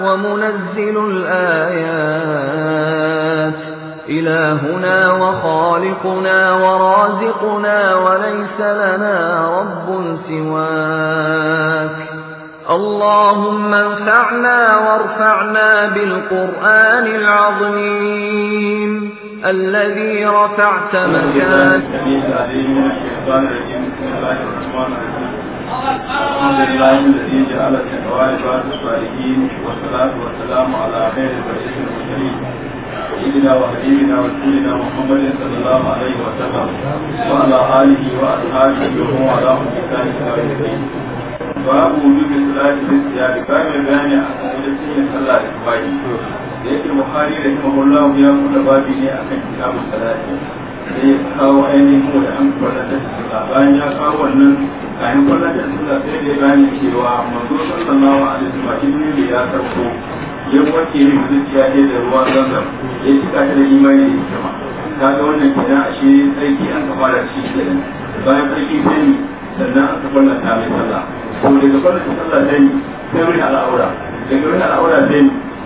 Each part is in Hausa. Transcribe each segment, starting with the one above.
ومنزل الآيات إلهنا وخالقنا ورازقنا وليس لنا رب سواك اللهم انفعنا وارفعنا بالقرآن العظيم الذي رفعت مكانه الحمد لله الذي جعل التقوى عباد الصالحين والصلاة والسلام على خير البشر المرسلين سيدنا وحبيبنا ورسولنا محمد صلى الله عليه وسلم وعلى آله وأصحابه ومن والاه بإحسان إلى يوم الدين باب وجوب الصلاة في الثياب كان بيان أحسن الدين صلى الله عليه وسلم يأتي البخاري رحمه الله يا متبابي أحسن كتاب الصلاة sai kawo ainihin wani an kwallatar da bayan ya kawo wannan kayan kwallatar da sai da ya gane cewa manzo sallallahu alaihi wasallam jibril ya karko ya wanke ne zuciya ne da ruwan zanzan ya cika ta da imani da hikima ga wannan kenan a ashe tsarki an kafa da shi kenan bayan sarki ni sannan aka ta mai sallah to daga ta sallah sani sai wani al'aura daga wani al'aura sani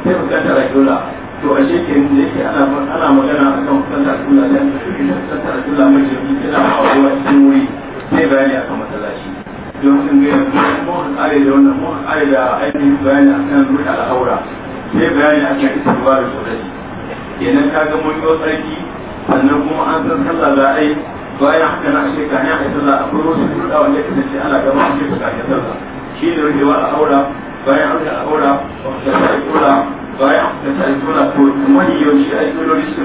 sai bukatar a kyola to a shekirin da yake ana magana a kan sallar sallah da yanzu shi ne sallar sallah mai jirgi yana hawa cikin wuri zai bayani a kan masallaci don sun ga yanzu mun kare da wannan mun kare da ainihin bayani a kan rufe al'aura zai bayani a kan istibarin sosai kenan ka ga mun yi tsarki sannan kuma an san sallah za a yi bayan haka na ashe ka ne a sallah a kuma wasu ruɗa wanda ya kasance ana gaba a cikin sallah shi ne rufewa al'aura bayan an ga al'aura da sa'i baya da ta aiki muna ko kuma yi yau shi aiki lori shi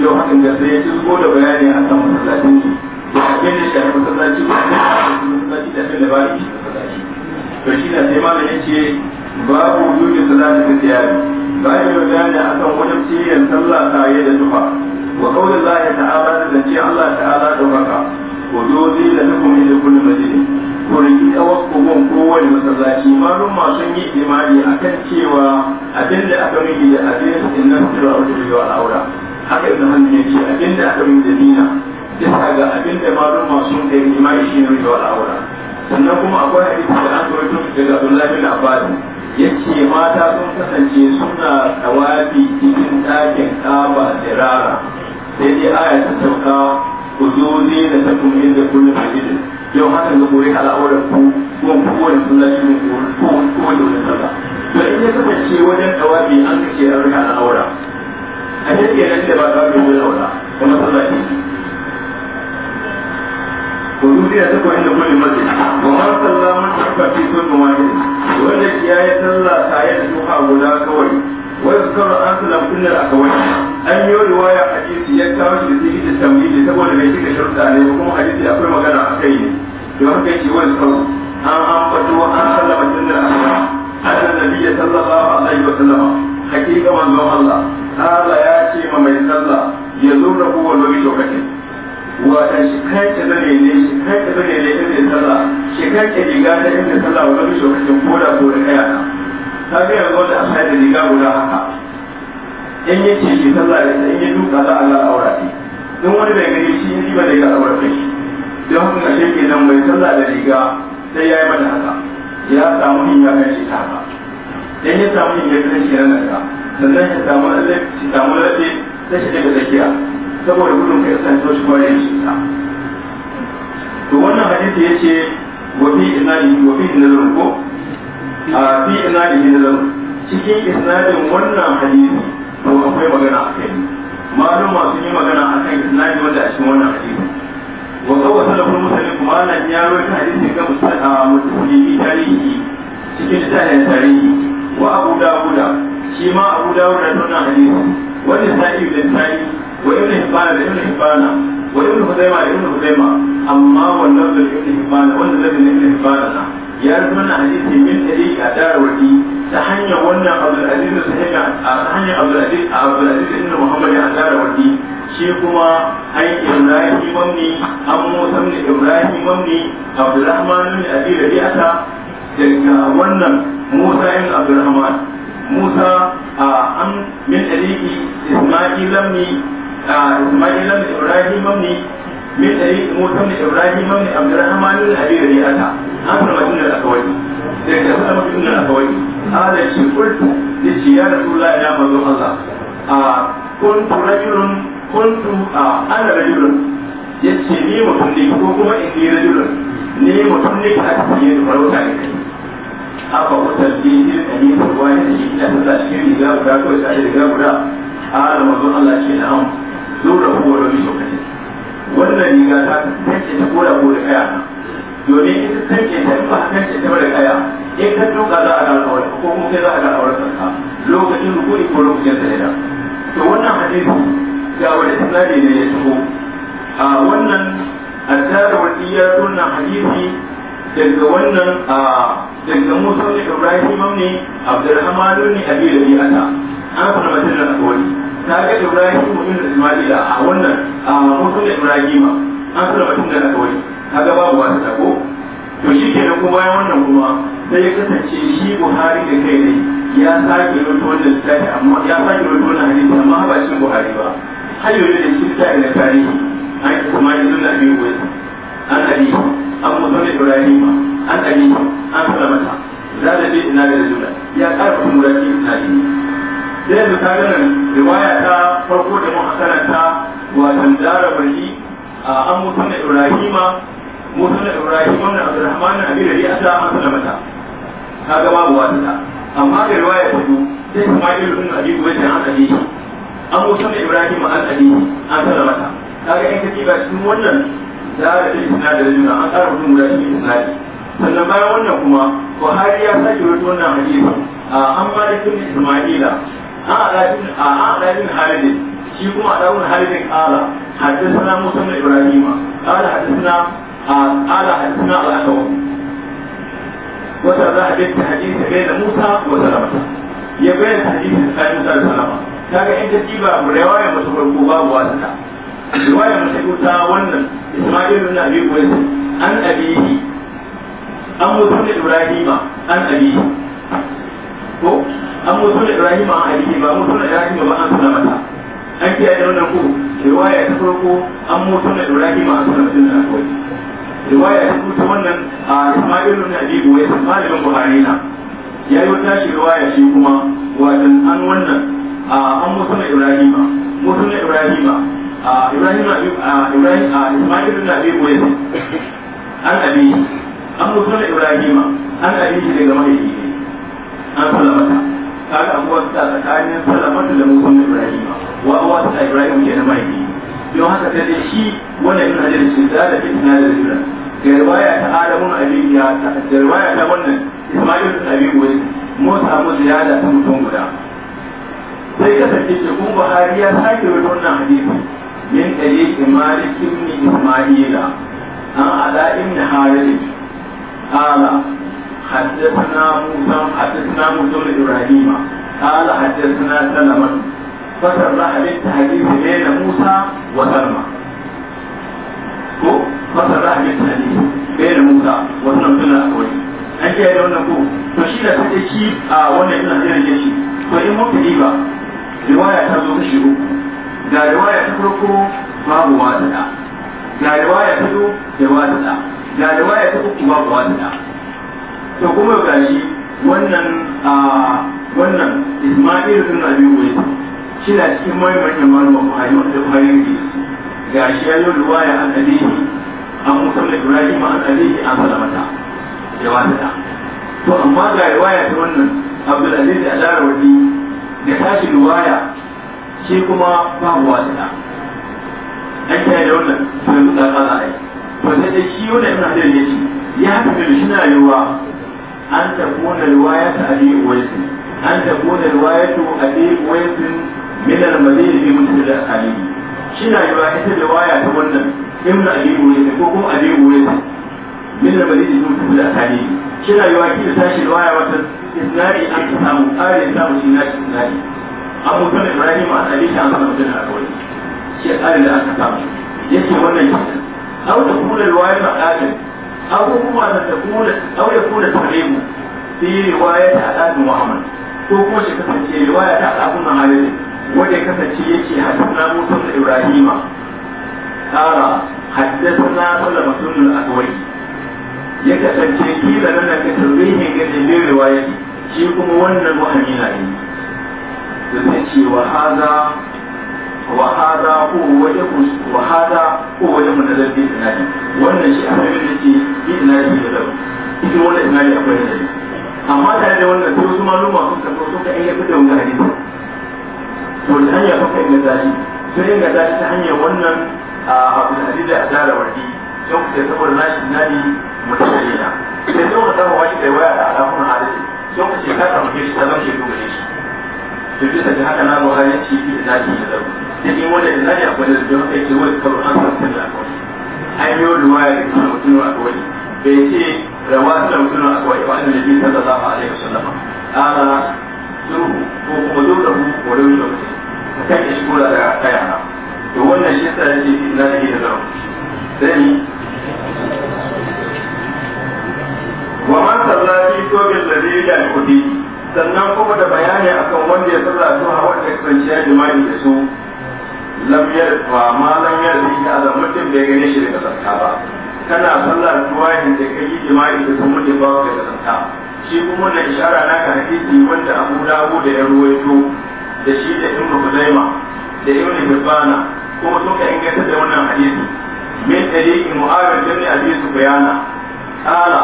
yau hakan da sai ya ci ko da bayani a kan masallacin shi da abin da shafi masallaci da abin da shafi masallaci da abin da ba shi masallaci da shi na sai malam ya ce da wujudu salati ta tiyari bayan yau bayani a kan wajen ciyen sallah tare da tufa wa kawai Allah ya ta'ala da zance Allah ta'ala da baka wujudu da hukumin da kullum majalisa kurji kawar kowane masallaci malum sun yi imani a kan cewa abin da aka nufi da abin in nan tura wata da yawa aura haka ibn hannu ya ce abin da aka nufi da dina bisa ga abin da malum sun kai imani shi ne yawa aura sannan kuma akwai hadisi da an kawo daga Abdullahi bin Abbas ce mata sun kasance suna tawafi cikin ɗakin kaba da rara sai dai aya ta sauka ku zo ne da ta kuma inda kullum a gidan yau hakan da kore al'aura ku kuma ku suna shi mun kuma ko wani wani sallah to in ya ce wajen tawabi an kace an rika al'aura a ke nan da ba ka wajen wani aura kuma sallah shi ko duk ya tako inda sallama wanda ya yi sallah ta yi guda kawai واذكر أصلا كل الأكوان أن يروي حديث يكتاوش بسيجة التمويل تقول بيتك شرط عليه وكم حديث أقول مكان عقيد لما كيش واذكر أن أنفتوا أن سلم كل الأكوان أن النبي صلى الله عليه وسلم حقيقة من الله هذا ياتي من صلى يزوره ولو شوكته wata shekarce zane ne shekarce zane ne inda sallah shekarce riga ta inda sallah wani lokacin koda ko da kaya ka ga yanzu wanda an sai da riga guda haka in ya ce shi sallah da in ya duka za a ga aura ce in wani bai gani shi in ba da ga aura ce don haka kashe ke nan bai sallah da riga sai ya yi mata haka ya samu yin ya kai shi ta haka in ya samu yin ya kai shi nan haka sannan ya samu lalle shi samu lalle sai shi daga tsakiya saboda gudun kai san so shi kwaye shi ta to wannan hadisi yace wa fi inani wa fi nazarin ko a fi ina da ihizan cikin isnadin wannan hadisi to akwai magana a kai malum masu yi magana a kan isnadi wanda a cikin wannan hadisi wa kawo salafin musulmi kuma na ya rawaita hadisi ga musulmi tarihi cikin littafin tarihi wa abu dawuda shi ma abu dawuda da wannan hadisi wani sa'i da sa'i wa ibn hibbana da ibn hibbana wa ibn huzaima da ibn huzaima amma wannan da ibn hibbana wanda zai ibn hibbana na ya zama hadisi min tariq a darwadi ta hanyar wannan Abdul Aziz ta hanyar Abdul Aziz Abdul Aziz ibn Muhammad a darwadi shi kuma ai Ibrahim mamni an Musa ibn Ibrahim mamni Abdurrahman ibn Abi Rabi'ata daga wannan Musa ibn Abdurrahman Musa an min tariqi Isma'il ibn Isma'il Ibrahim mamni من طريق موسى بن ابراهيم بن عبد الرحمن بن ابي ربيعه عن المدينه الاكوي لكن هذا المدينه الاكوي هذا الشيء yace لشي يا رسول الله يا من الله كنت رجل كنت انا رجل yace ni mutum ne ko kuma in ni rajulun ni mutum ne a cikin farauta ne haka wutar jirgin da ne farwa ne da shi ina sallah cikin riga guda ko sai riga guda a da mazan Allah ce na'am zo da huwa da wannan riga ta tace ta kora ko da kaya domin in ta tace ta ba ta tace ta da kaya in ka duka za a ga al'aurar ko kuma kai za a ga al'aurar ka lokacin rukuni ko lokacin sajada to wannan hadisi ga wani tsari ne ya shigo a wannan addara wadiyar wannan hadisi daga wannan a daga musa ibrahim ne abdurrahman ne abi rabi'ata an fara matan al-awwali na ga ibrahim mutum da ismaila a wannan a mutum da ibrahima an sura mutum da nakawai kaga babu wata tako to shi ke kenan kuma bayan wannan kuma sai ya kasance shi buhari da kai ne ya sake rubuta wannan littafi amma ya sake rubuta wannan hadisi amma ba shi buhari ba har yau da shi ta ina tarihi an ismaila ibn abi uwais an abi an mutum da ibrahima an abi an sura mata zalabi ina da jumla ya karfafa murafi ina da sai mu tare da riwaya ta farko da muka karanta tanzara bari a an mutum da ibrahima mutum da ibrahima na abdurrahman na abin da ya ta an mata ta gama ba wata ta amma da riwaya ta biyu sai ismail ibn abi ubayd an abi an mutum da ibrahima an abi an salamata ga in kace ba cikin wannan da da sinadarin an tsara mutum guda shi sinadarin sannan bayan wannan kuma Buhari ya sake wato wannan hadisi a an ba malikin Isma'ila عن عبد بن خالد شي كما عبد بن خالد قال حدثنا موسى بن ابراهيم قال حدثنا قال حدثنا الاحوص وسلم حديث حديث بين موسى وسلمة يبين حديث سعيد موسى وسلمة kaga in ka diba riwaya mutu farko babu wasita riwaya mutu ta wannan Isma'il ibn Abi Qais an abihi an mutum Ibrahima an abihi ko an mutu da ibrahim an alihi ba mutu da ibrahim ba an suna mata an kiyaye da wannan ko riwaya ta farko an mutu da ibrahim a suna mata na kawai riwaya ta kuta wannan a isma'il ibn abi buwai malamin buhari na yayi wata shi riwaya shi kuma watan an wannan an mutu da ibrahim mutu da ibrahim ibrahim ibrahim isma'il ibn abi buwai an abi an mutu da ibrahim an abi daga mahaifi an sallama kaga anguwar ta tsakanin salamatu da mugun ibrahim wa awa ta ibrahim ke na mahaifi don haka ta dai shi wannan ibn hajar shi da da fitna da zira garbaya ta adamun abiya ta garbaya ta wannan ismail da abi wani mu samu ziyada ta mutum guda sai kasance ce kun buhari ya sake wani wannan hadisi min dalil malik kimni ismaila an ala ibn harith ala حدثنا موسى حدثنا موسى بن ابراهيم قال حدثنا سلمة فسرح بالتحديث بين موسى وسلمة فسرح بالتحديث بين موسى وسلمة بن الاكوي an kiyaye da wannan ko to shi da take shi a wannan ina da yake shi to in muka diba riwaya ta zo kashi uku ga riwaya ta farko da ga riwaya ta zo da wata ta uku babu wata da To kuma gashi wannan a wannan Isma'il sun abi wai shi na cikin maimaita malama Buhari wanda Buhari Ga shi ya yi ruwaya an shi an musamman da Ibrahim an shi an salamata ya wata to amma ga ruwaya ta wannan Abdul Aziz Al-Arabi da tashi ruwaya shi kuma babu wata an kiyaye da wannan sai yanzu da kaza ai to sai da shi wannan ibn da ya ya fi da shi na yiwuwa an takuna riwayat abi uwais an takuna riwayat abi uwais min al-madini bi mutul al-ali shi na yiwa ita riwaya ta wannan ibn abi uwais ko kuma abi uwais min al-madini bi mutul al-ali shi na yiwa kila tashi riwaya wata isnadi an ta samu ƙarin samu shi na isnadi abu kan ibrahim a hadisi an samu mutum a shi da aka samu yake wannan abubuwa da tafiye da yaku da salimu su yi riwaya ta al'adun muhammad ko kuma shi kasance riwaya ta al'adun muhammad wadda kasance ya ce na mutum ibrahima tsara na sallah mutum al'adwai ya kasance kila na da kasar zai gaje bin riwaya shi kuma wannan muhammad na yi su zai ce wa haza وهذا هو وجه وهذا هو وجه من الذي إسنادي وأن شيء أحمد التي إسنادي له إذن ولا إسنادي أقوى الذي أما تعالى وأن كل ثم لما كنت أن يبدأ من هذه والآن يفكر إن ذلك sai ga ta ta hanyar wannan abu da hadisi a tsara wardi sai ku sai saboda nashi nadi mutane na sai sai ku samu kai waya da alamun shi to bisa ga haka na buhari ya ce da zaki da zaru sai in wanda da zaki akwai da zuwa sai ce wani karu an san da akwai an yi wani waya da kuma mutum a kawai bai ce rawa da mutum a kawai ba inda bi a alaihi wasallam ala zuru ko kuma zuru da ku ko da mutum ka kai kula da kayana to wannan shi sai ya ce bi da zaki da zaru sai ومن صلى في ثوب sannan kuma da bayani akan wanda ya saba zuwa wanda ya kasance ya jima'i da su lam ba ma lam yarfi ta da mutum bai gane shi daga sarka ba kana sallar tuwahin da kai jima'i da su mutum ba ka da sarka shi kuma na ishara na ka hadisi wanda Abu Dawud da ya ruwaito da shi da Ibn Khuzaimah da Ibn Hibbana kuma ka inganta da wannan hadisi min tariqi mu'awiyah bin Abi Sufyan ala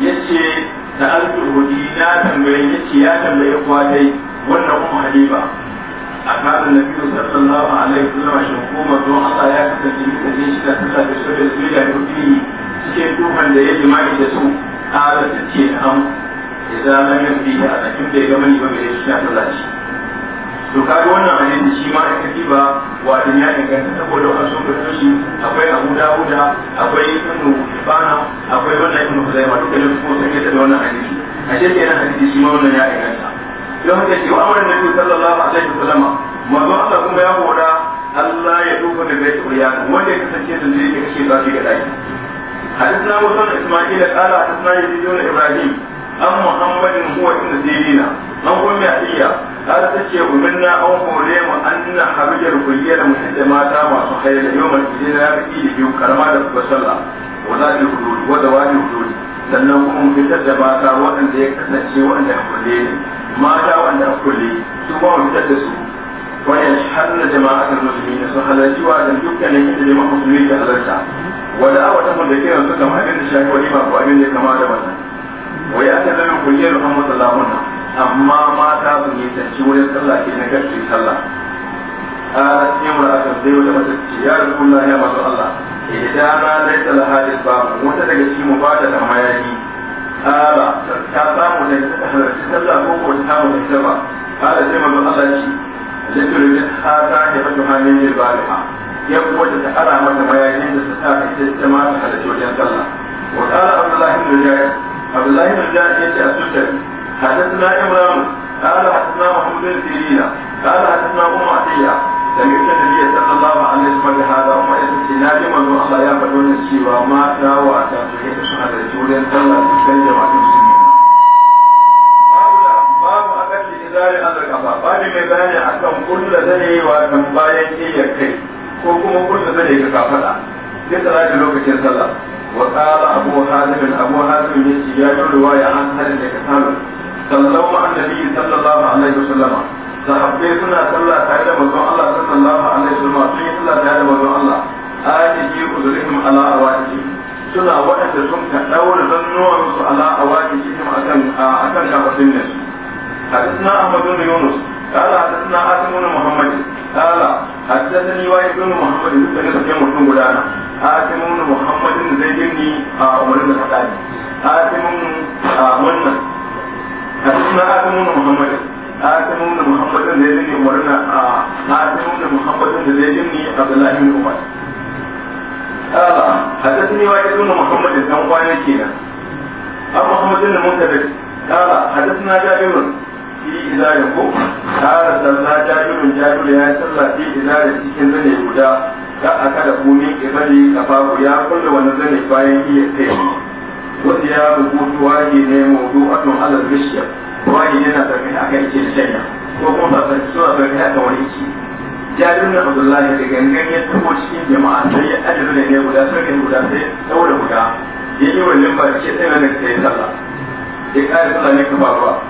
yace da alƙurudi na tambayi ya ce ya tambayi kuwa dai wannan kuma halima a kanin na biyu a laifin zama shi kuma don asa ya kasance da ne shiga da sallah da shi da su da rubi cikin dukan da ya jima'i da su a da su ce ham idan lam yafi a cikin bai ya gama ni ba mai shi da sallah shi to kaga wannan hadisi shi ma aka diba wa din ya inganta saboda wasu sun shi akwai Abu Dawuda akwai Ibn Hibana akwai wannan Ibn Khuzaimah duka ne ko sun yi da wannan hadisi a shi kenan hadisi shi ma wannan ya inganta don haka shi wa amran nabi sallallahu alaihi wasallam manzo Allah kuma ya hora Allah ya duba da bai tsuriya wanda ya kasance da zai kashe zafi ga dai حدثنا موسى بن اسماعيل قال حدثنا يزيد بن an muhammadin huwa inda dinina an kuma ya iya har ta ce umarna an kore mu an na harajar kulliyar mutum da mata masu haila yau mai jini na riƙi da biyu karama da kuma sallah wala da hududi wada wani hududi sannan kuma fitar da mata waɗanda ya kasance waɗanda ya kulle ne mata waɗanda ya kulle su ba mu fitar da su wayan shahar jama'atar musulmi na sun halarci wa da dukkanin inda jama'a musulmi ke halarta wada a wata mu da kiran su kamar abin da shafi wani ba ko abin da kama da wannan wa ya ta ganin kulliyar Muhammad sallallahu alaihi amma mata su ne ci wurin sallah ke na gaske sallah a cikin aka zai wata mata ce ya rukun ya masu Allah idan na dai talahadis ba wata daga cikin mu ba ta da mayaki ala ta samu da halarci sallah ko ko ta mu da ba ba da cewa Allah ce da ta ta ne ta hannun ne ba da ya kuwa ta ara mata mayakin da ta ta ta ta ta ta wajen ta wa ta abdullahi ta ta عبد الله بن جاد يأتي السكري حدثنا إمران قال حدثنا محمود بن سيرين قال حدثنا أم عطية سمعت النبي صلى الله عليه وسلم بهذا أم عطية نادما الله يا بدون السوى ما داوى تأتيه شهادة جولين صلى بين جماعة المسلمين باب أكل إزار باب مباني أكم كل ذلك وأكم بايك إيكي ko kuma kun da zai ga kafada sai tsara da lokacin sallah وقال أبو حازم أبو حازم يسي يا رواية عن هل كتاب صلوا على النبي صلى الله عليه وسلم sahabbai suna sallah tare da manzon Allah sallallahu alaihi wasallam sun yi sallah tare da manzon Allah ayati uzurihim ala awaqi suna waɗanda sun ka daura zannuwan su ala awaqi cikin akan yunus قال حدثنا آدم بن محمد قال حدثني وائل بن محمد بن سنة في مسلم ولانا آتم بن محمد بن زيد بن عمر بن الخطاب آتم بن حدثنا آتم بن محمد حاتم بن محمد بن زيد بن عمر بن حاتم بن محمد بن زيد بن عبد الله بن عمر حدثني وائل بن محمد بن وانا كينا أبو محمد بن منتبه قال حدثنا جابر fi ila ya ko tara sallah jajirin jajirin ya yi sallah fi ila da cikin zane guda da aka da kuni ibadi kafafu ya kulle wani zane bayan iya kai wanda ya rubutu wahi ne mawdu atun alal bishya wahi ne na zargin aka yi ke shanya ko kuma ba san suna kai aka wani ki jajirin na abdullahi da gangan ya tabo cikin jama'a sai ya ajiye ne guda sarkin guda sai saboda guda ya yi wa limba ce tsaye na kai sallah ya kare sallah ne ka kafafuwa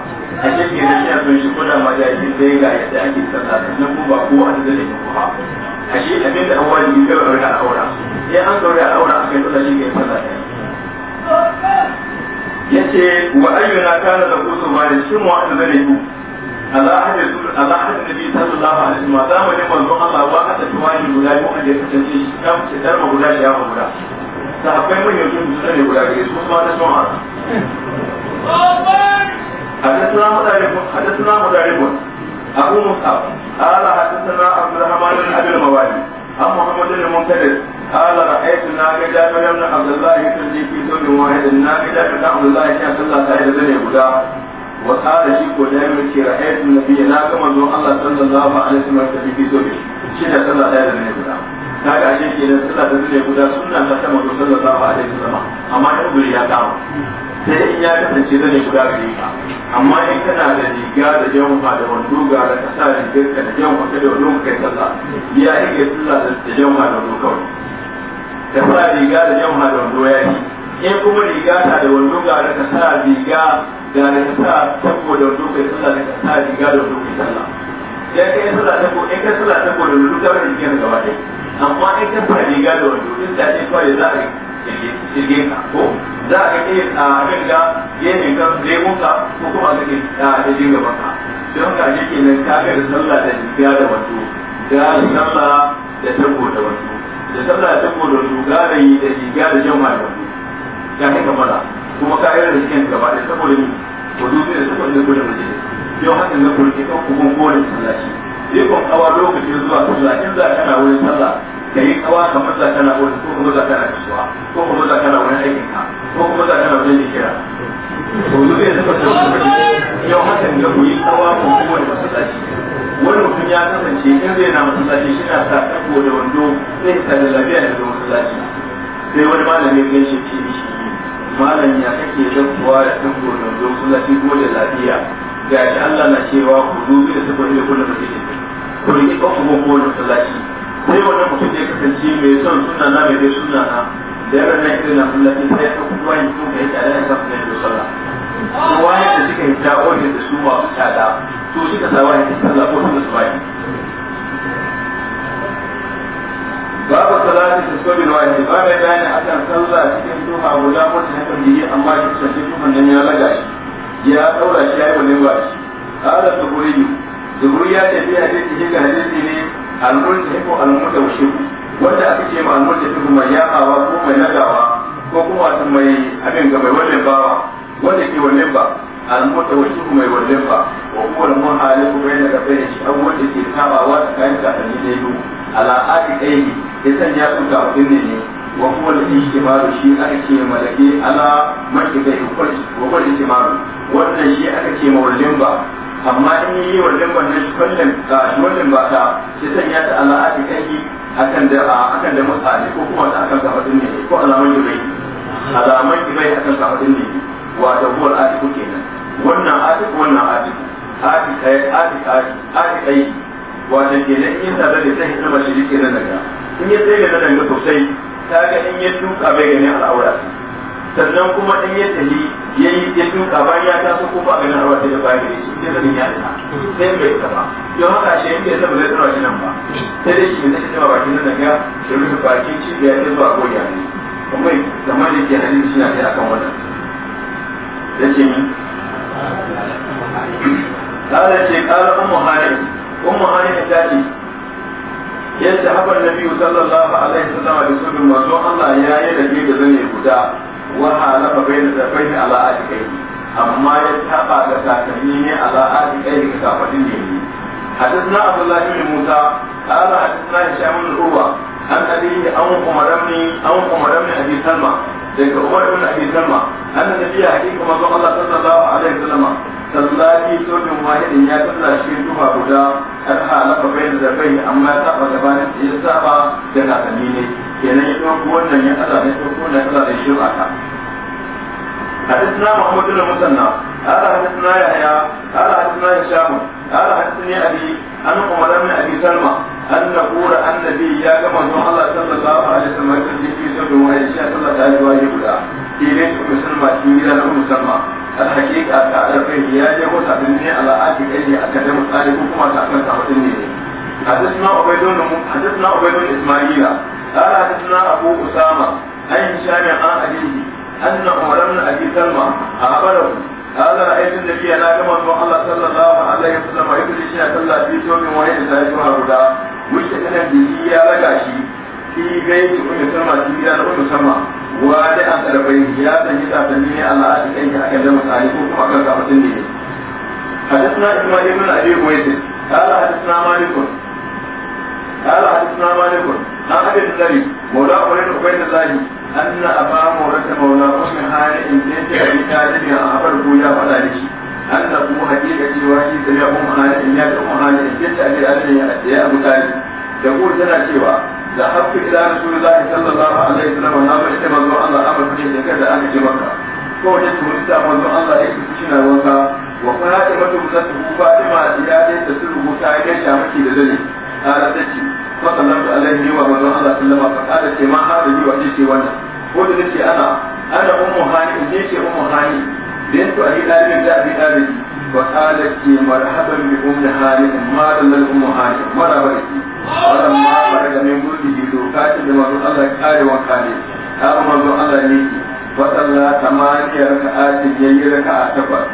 a shirke na shi sun shi kuna majalisin zai yi yadda ake sallah na kuma ba kowa da zai da kuma a shi a abin da an wajibi kai aure al'aura sai an aure al'aura a kai sallah shi ke sallah ɗaya yace wa ayyuna kana da kusu ma da shi mu wa'anda zai yi ala ahadi ala ahadi sallallahu alaihi wa sallam zamanin manzon Allah wa aka tuwani guda mu da ta ce shi kan ce darma guda shi ya guda sahabbai mun yau sun ne guda gare su kuma da sun حدثنا مدرب حدثنا مدرب أبو مصعب قال حدثنا عبد الرحمن بن أبي الموالي عن محمد بن المنكدر قال رأيت ناقة جابر بن عبد الله يصلي في ثوب واحد الناقة بن عبد الله كان صلى سائر بن يهودا وقال شيخ جابر رأيت النبي ناقة من الله صلى الله عليه وسلم في ثوب شيخ صلى سائر بن يهودا na ga ashe kenan suna da zule guda suna na sama da sallar a alaihi sama amma ɗan guri ya kama sai in ya kasance zane guda gare ka amma in kana da riga da jamfa da wando ga da kasa rigar ka da jamfa ka da wando kai sallah ya yi kai sallah da jamfa da wando kawai da sa riga da jamfa da wando ya yi in kuma riga ta da wando ga da kasa riga ga da kasa tabo da wando kai sallah da kasa riga da wando kai sallah ya kai sallah tabo in kai sallah tabo da wando ka bari rigar gaba ɗaya amma in ka fara riga da wando in ta ce kawai za a shirye ka ko za a ga a abin da gemin ka lemun ka ko kuma a ga da jirgin gaban ka don ka ji kenan ka ga da sallah da riga da wando da sallah da tabo da wando da sallah da tabo da wando gara yi da riga da jama da wando ya kai kamala kuma ka yi da jikin gaba da saboda ni wazo sai da saboda da majalis yau hakan na kurke kan kuma kowane masallaci yi kon kawa lokacin zuwa sallah in za kana wurin sallah ka yi kawa ka za kana wurin ko kuma za kana kasuwa ko kuma za kana wurin aikin ka ko kuma za kana wurin jikira to zuwa ya da sallah yau haka da ku yi kawa ko kuma da masallaci wani mutum ya kasance in zai na masallaci shi na sa tako da wando zai sa da lafiya da zuwa masallaci sai wani malamin ya shi ce shi malam ya kake zakuwa da tako da wando masallaci ko da lafiya ga shi Allah na cewa ku dubi da saboda da kullum da ku rike ko ku ko da sallaci sai wannan mutum ya kasance mai son sunna na mai dai sunna na da yaran nan irin na sallaci sai ya ku wani ku ga yadda Allah ya sa ku da sallah kowa yadda suka hita wanda da su masu tsada to suka sa wani da sallah ko su su baki babu salati su sobi da wani babu bayani akan sallah cikin duha guda mutum ya kan amma shi sun ce kuma nan ya laga shi ya daura shi ya yi wani ba shi qala zuhuri zuhuri ya tafi a cikin hadisi ne da al-multahiqu al-mutawashshiq wanda aka ce ma da al-multahiqu mai yahawa ko mai nagawa ko kuma wato mai abin ga mai wannan bawa wanda ke wannan ba al-mutawashshiq mai wannan ba wa huwa al-muhalifu bayna kafayhi shi abu wanda ke tabawa tsakanin kasanni ne biyu ala aqi dai ya sanya su ga abin ne wa huwa al-ijtimaru shi ake ce malaki ala mashidai wa huwa al-ijtimaru wannan shi aka ce mawallin ba amma in yi wallin ba na shi wallin ba ta shi sanya ta ala aka kai akan da akan da mutane ko kuma ta akan kafadin ne ko alaman bai alaman gibai akan kafadin ne wato huwal atiku kenan wannan a atiku wannan a a a atiku atiku atiku wato kenan in sa da ta hidda mashiriki nan daga in ya tsaye da nan sosai ta ga in ya tuka bai gani al'aura sannan kuma ɗan ya tali ya yi ya duka bayan ya taso ko ba ganin harwa sai da bayan da shi sai da ya sai bai don haka shi yake da bai nan ba sai shi ne bakin nan ga rufe shi da ya zuwa ko ne kuma zaman da ke hadin shi na kai akan wannan min yadda haɓar sallallahu alaihi wasallam da sunan masu Allah ya yi da da zane guda wa halama bai da bayna ala kai amma ya taba da takalmi ne ala adikai ga kafadin ne حدثنا عبد الله بن موسى قال حدثنا هشام بن عروة عن أبيه أو عمر بن أو بن أبي سلمى ذلك عمر بن أبي سلمى أن النبي حديث ما الله صلى الله عليه وسلم sallati sojin wahidin ya kasa shi tufa guda har halaka bai da bai amma ya saba gabanin ya saba da kakanni ne kenan shi kuma wannan ya Allah ne ko wannan Allah ne shi ba hadith na Muhammad bin Musanna ala hadith na Yahya ala hadith na Hisham ala hadith ni Abi an Umar bin Abi Salma anna qura annabi ya ga manzo Allah sallallahu alaihi wasallam ya ji shi sabu wa ya sha Allah ta ji wa ya buda kire ku musulma kire da musulma al haqiqa ta alfa ya ji ko ta dinne ala aki kai aka da musali ko kuma ta kan ta wadin ne hadith na Ubaydun hadith na Ubaydun Ismaila قال حدثنا ابو اسامه عن هشام عن أبيه أن عمر بن أبي سلمى اخبره قال رايت النبي أنا كما الله صلى الله عليه وسلم يقول شيئا صلى في يوم واحد لا يشوها هدى وشكنا به يا لقاشي في بيت أم سلمى في بيت أم سلمى وادي أن تربيه يا تنجد تنجد على أشكيك أكلم سعيكم وأكلم سعيكم حدثنا اسماعيل بن ابي قويس قال حدثنا مالك قال حدثنا مالك أخذ أبي الزري مولى أولين عبيد الله أن أبا مورة مولى أم هانئ بنت أبي طالب ولا لكي أن أبو حقيقة جواهي سريع أم هاي إن يا أم هانئ بنت أبي طالب يا أبو تالي يقول تنا سوى ذهبت إلى رسول الله صلى الله عليه وسلم ونام اجتمع الله أمر فيه كذا أنا في مكة فوجدت مستع منذ الله يكتشنا وكا وفاتمة ابنته فاطمة زيادة تسره تايدا شامكي لذلك قالت تجي maka nan da Allah ne wa manzon Allah sallallahu alaihi wasallam ce ma hada ni wa shi wannan ko da nake ana ana ummu hani ce ummu hani din to ai da ni da bi dare wa kala ce marhaban bi ummu hani ma da nan ummu hani marhaba ne wannan ma bare da ne gurbi di to ka ce da manzon Allah kare wa kare ka manzon Allah ne wa sallah tamaniya raka'ati yayi raka'a takwas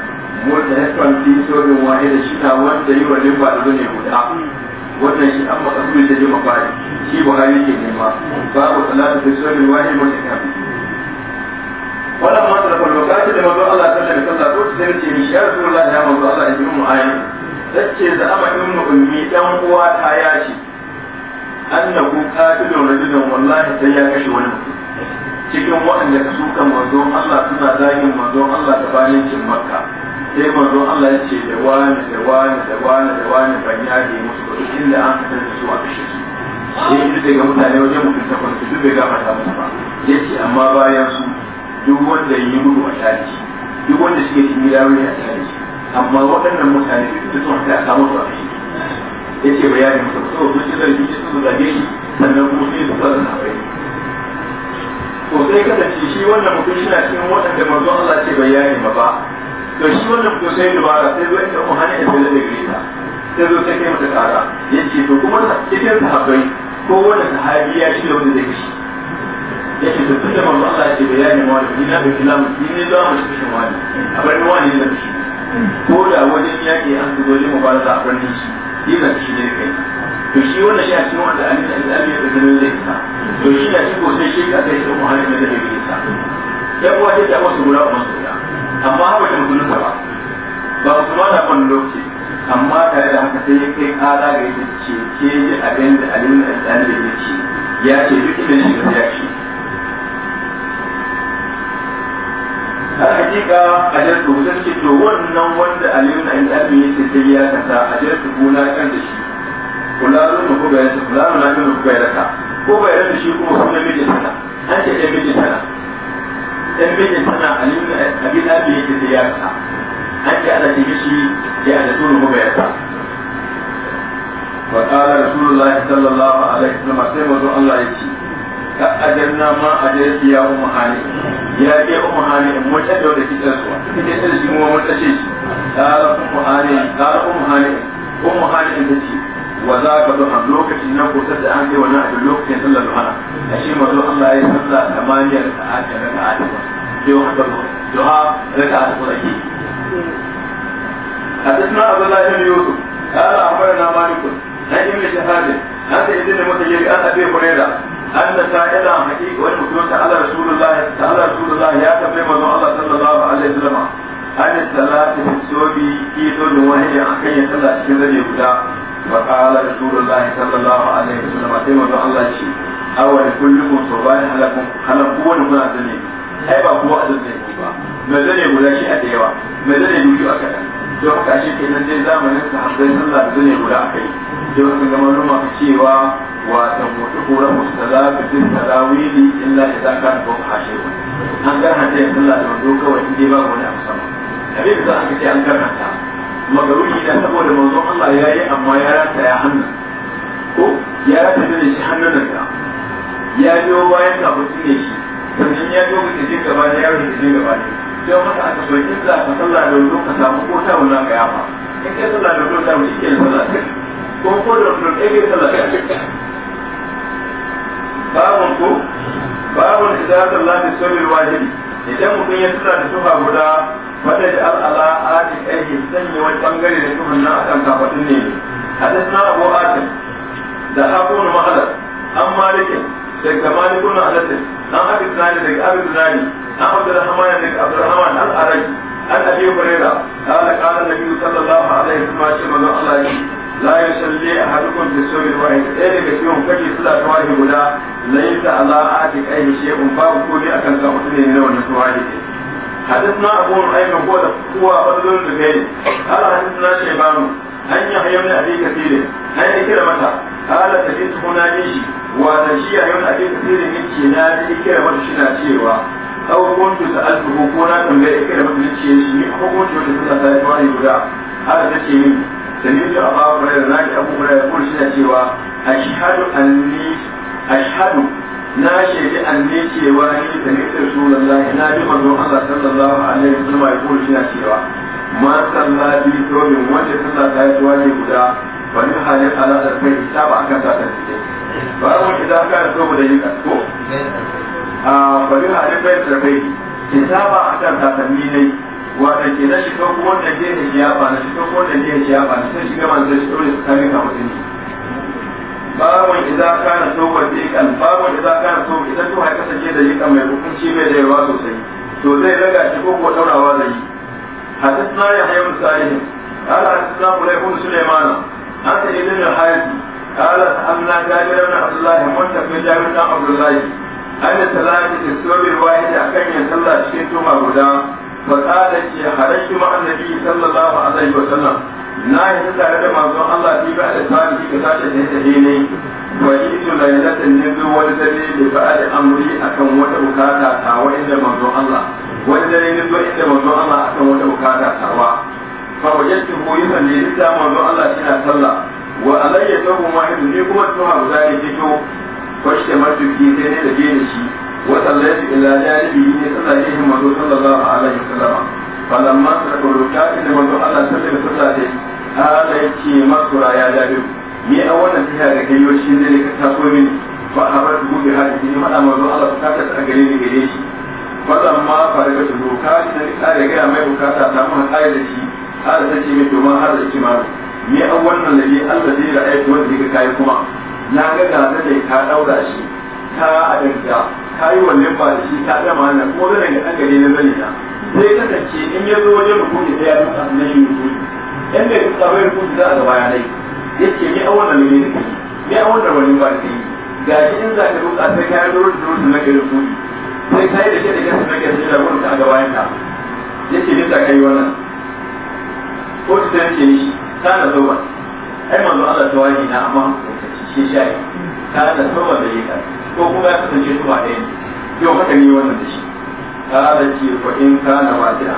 mu da ya kwanti so da shi ta wanda yi wa limba da zane guda wannan shi an baka su da jima bari shi buhari ke nema babu salatu fi sirrin wahid wa takam wala ma da lokacin da manzo Allah ta shirka sallah ko sai ce mi ya rasulullah ya manzo Allah ya mu ayi tace da ama in mu ummi dan uwa ta yashi annahu qatilun rajulan wallahi sai ya kashe wani cikin waɗanda suka manzo Allah suna zagin manzo Allah ta bani cin makka sai manzo Allah ya ce da wani da wani da wani da wani ban yaje musu ba duk inda an fitar da su a kashe su Sai ya yi daga mutane wajen mutum takwas su duk bai gafarta musu ba ya ce amma bayan su duk wanda yi gudu a tarihi duk wanda suke cikin gida wuri a tarihi amma waɗannan mutane duk sun haka a samu su a kashe ya ce ba bayanin musu ba saboda sun ci zargi ce su zage shi sannan kuma sai su zara na bai to sai kasance shi wannan mutum shi na cikin waɗanda manzo Allah ce bai bayani ba to shi wannan kusai da bara sai wani da wani ibn da zai ta sai zo take mata kara yace to kuma cikin sahabbai ko wanda sahabi ya shi wanda zai shi yace to da manzo Allah ya ce bayani ma wani ina da mu ni da mu shi wani a bari wani da kashi ko da wajen yake an mu wajen mubaraka a bari shi yana shi ne kai to shi wannan shi a cikin wanda an yi al'ami da zai zai ta to shi da shi ko sai shi ka kai shi muhammad da gari ta ya kuwa ta ta wasu gura masu gura amma har wajen gunin ba ba su ma na kwan lokaci amma tare da haka sai ya kai kara ga yadda ce ke ji abin da alimin al'adar da ya ce ya ce duk idan shi ya ce har hakika a jarta wutar ce to wannan wanda alimin al'adar ya ce sai ya kasa a jarta gona kan da shi kula zo ko ga yasa kula zo na kan ko ga ko ga yasa shi kuma sunan mijin sana an ce ɗaya mijin sana dan mijin tana alimin abin abi yake da ya ka an ji shi ya da tunu mu bai ka wa qala rasulullah sallallahu alaihi wasallam sai manzo Allah yake ka ajanna ma ajaji ya ummu hani ya ke ummu hani mu ta da kitan su kike da shi mu mu ta ce shi qala hani qala ummu hani ummu hani ta ce wa za ka zo a lokacin na ko sai an yi wani abu lokacin sallar duha a shi ma zo Allah ya yi sallar kamaniyar ka a ta raka a ta ce wa haka duha raka a ta kura ki a cikin abu lafiyar yusuf ya ala akwai na malikun na yi mai shahadi na ta izini mata yi an abe kure an da ta yi wani mutum ta ala rasulullahi ta ala rasulullahi ya Allah sallallahu alaihi wasallam an da ta lafi sobi ki to da wani ya akan yin sallar cikin zabe guda فقال رسول الله صلى الله عليه وسلم سيما الله شيء أول كلكم صباح هلكم هلكوا ونكون أدني أي بقى هو أدني ba mai zane guda shi a da mai zane biyu a kaɗan don haka shi ke nan dai zamanin sa zane guda kai don haka ga manoma ka cewa wa tan mutu kura mustala bitin tarawili illa idan ka ta kuma hashe ba an karhanta ya sallah da wando kawai magarushi na saboda manzon Allah ya yi amma ya rata ya hannu ko ya rata da shi hannun nan ka ya biyo bayan kafin ne shi sannan ya biyo da jin gaba ne ya rufe jin gaba ne sai masa aka so in za ka sallah da wuri ka samu ko ta wannan ka yafa in kai sallah da wudu ta wuce ke sallah ko ko da wuri ka ke sallah babun ku babun idan Allah da sabil wajib idan mutum ya tsara da tufa guda wadda da al'ala adin aiki sanya wani bangare da tuhun nan akan kafatun ne hadisna abu adin da abu muhalar an malikin daga Malik ibn Anas nan abin Sa'id daga Abi Sa'id an Abdurrahman daga Abdurrahman al-Arabi an Abi Hurairah qala qala an-nabi sallallahu alaihi wasallam man Allah la yusalli ahadukum fi sawmi wahid ɗaya daga cikin kashi sula ta wahi guda laysa ala ahadi qayhi shay'un babu kodi akan ka mutune ne wannan tawahi حدثنا أبو نعيم قال هو رجل بخير قال حدثنا شيبان أن يحيى بن أبي كثير أن يكرمته قال تجد هنا جيشي wata shi a yau da ake tafsirin yake na yi kira mata shi na cewa ɗaukon tu ta alfuhu ko na tambaye ya kira mata ce shi ni kuma ko ta suna ta yi tsawon wani guda haka ta ce min ta da abu hurairu na ki abu ya ko shi na cewa a shi hadu an a shi hadu na shaidi ne cewa ni sanin da rasulullahi na ji manzon Allah sallallahu alaihi wasallam ya ko shi na cewa ma sallabi to min wanda sallah ta yi tsawon wani guda wani halin ala da kai ta ba aka ta ta cikin babu idan aka da saboda yin ko a bari a duk bayan sarfai kitaba akan kasanni ne wanda ke na shiga ko wanda ke da shiyafa na shiga ko da ke da shiyafa na sai shiga man zai shiga su kame ka mutum babu idan kana soba dikan babu da kana soba idan duha kasance da yikan mai hukunci mai da yawa sosai to zai raga shi ko ko daurawa da yi hadisna ya hayyun salihin قال حدثنا فليح بن سليمان عن سعيد بن الحارث قال سألنا جابر بن عبد الله متفق جابر بن عبد الله أن الصلاة في الثوب الواحد أكن يصلى الشيطان غدا فقال لي خرجت مع النبي صلى الله عليه وسلم na yi ta tare da manzon Allah fi ba da sami fi ka tashi da ta ne wa yi su lailatan ne zo wani dare da ba da amuri akan wata bukata ta wa inda manzon Allah wani dare ne zo inda manzon Allah wata bukata da Allah yana talla. wa alayya sahu wahid ne kuma tuha guda ne fito shi masu fi sai ne da je da shi wa sallaitu ila janibi ne sallah ne manzo sallallahu alaihi wasallam falamma sakaru ta ne manzo Allah sallallahu alaihi wasallam ala yace masura ya dabi ni a wannan tafiya da kai shi ne da ka taso mini fa habar dubu bi hadisi ne da manzo Allah ta ta a gare ni gare shi falamma farga su ta ne da ga mai bukata ta mun kai da shi ala tace mai domin har da kimanin ni an wannan da ke Allah zai da aiki wanda ya kai kuma na ga ta ne ka daura shi ka adanta ka yi wannan ba da shi ka dama na kuma zan ga an gare na zai na sai kasance in ya zo wajen rubuci sai ya duka na shi rubuci in da ya tsaba rubuci za a ga ya dai yake ni an wannan ne ne ni an wannan wani ba da yi ga shi in za ka duka sai ka yi da rubuci na gare rubuci sai ka yi da shi da suna na gare shi da wani ta ga ya ka yace ni ta kai wannan ko ta yake ni kana zuwa ai manzo Allah ta wani na amma shi ta kana zuwa da yaka ko kuma ya kasance zuwa ɗaya ne yau haka ne wannan da shi kada ce fa in kana wajira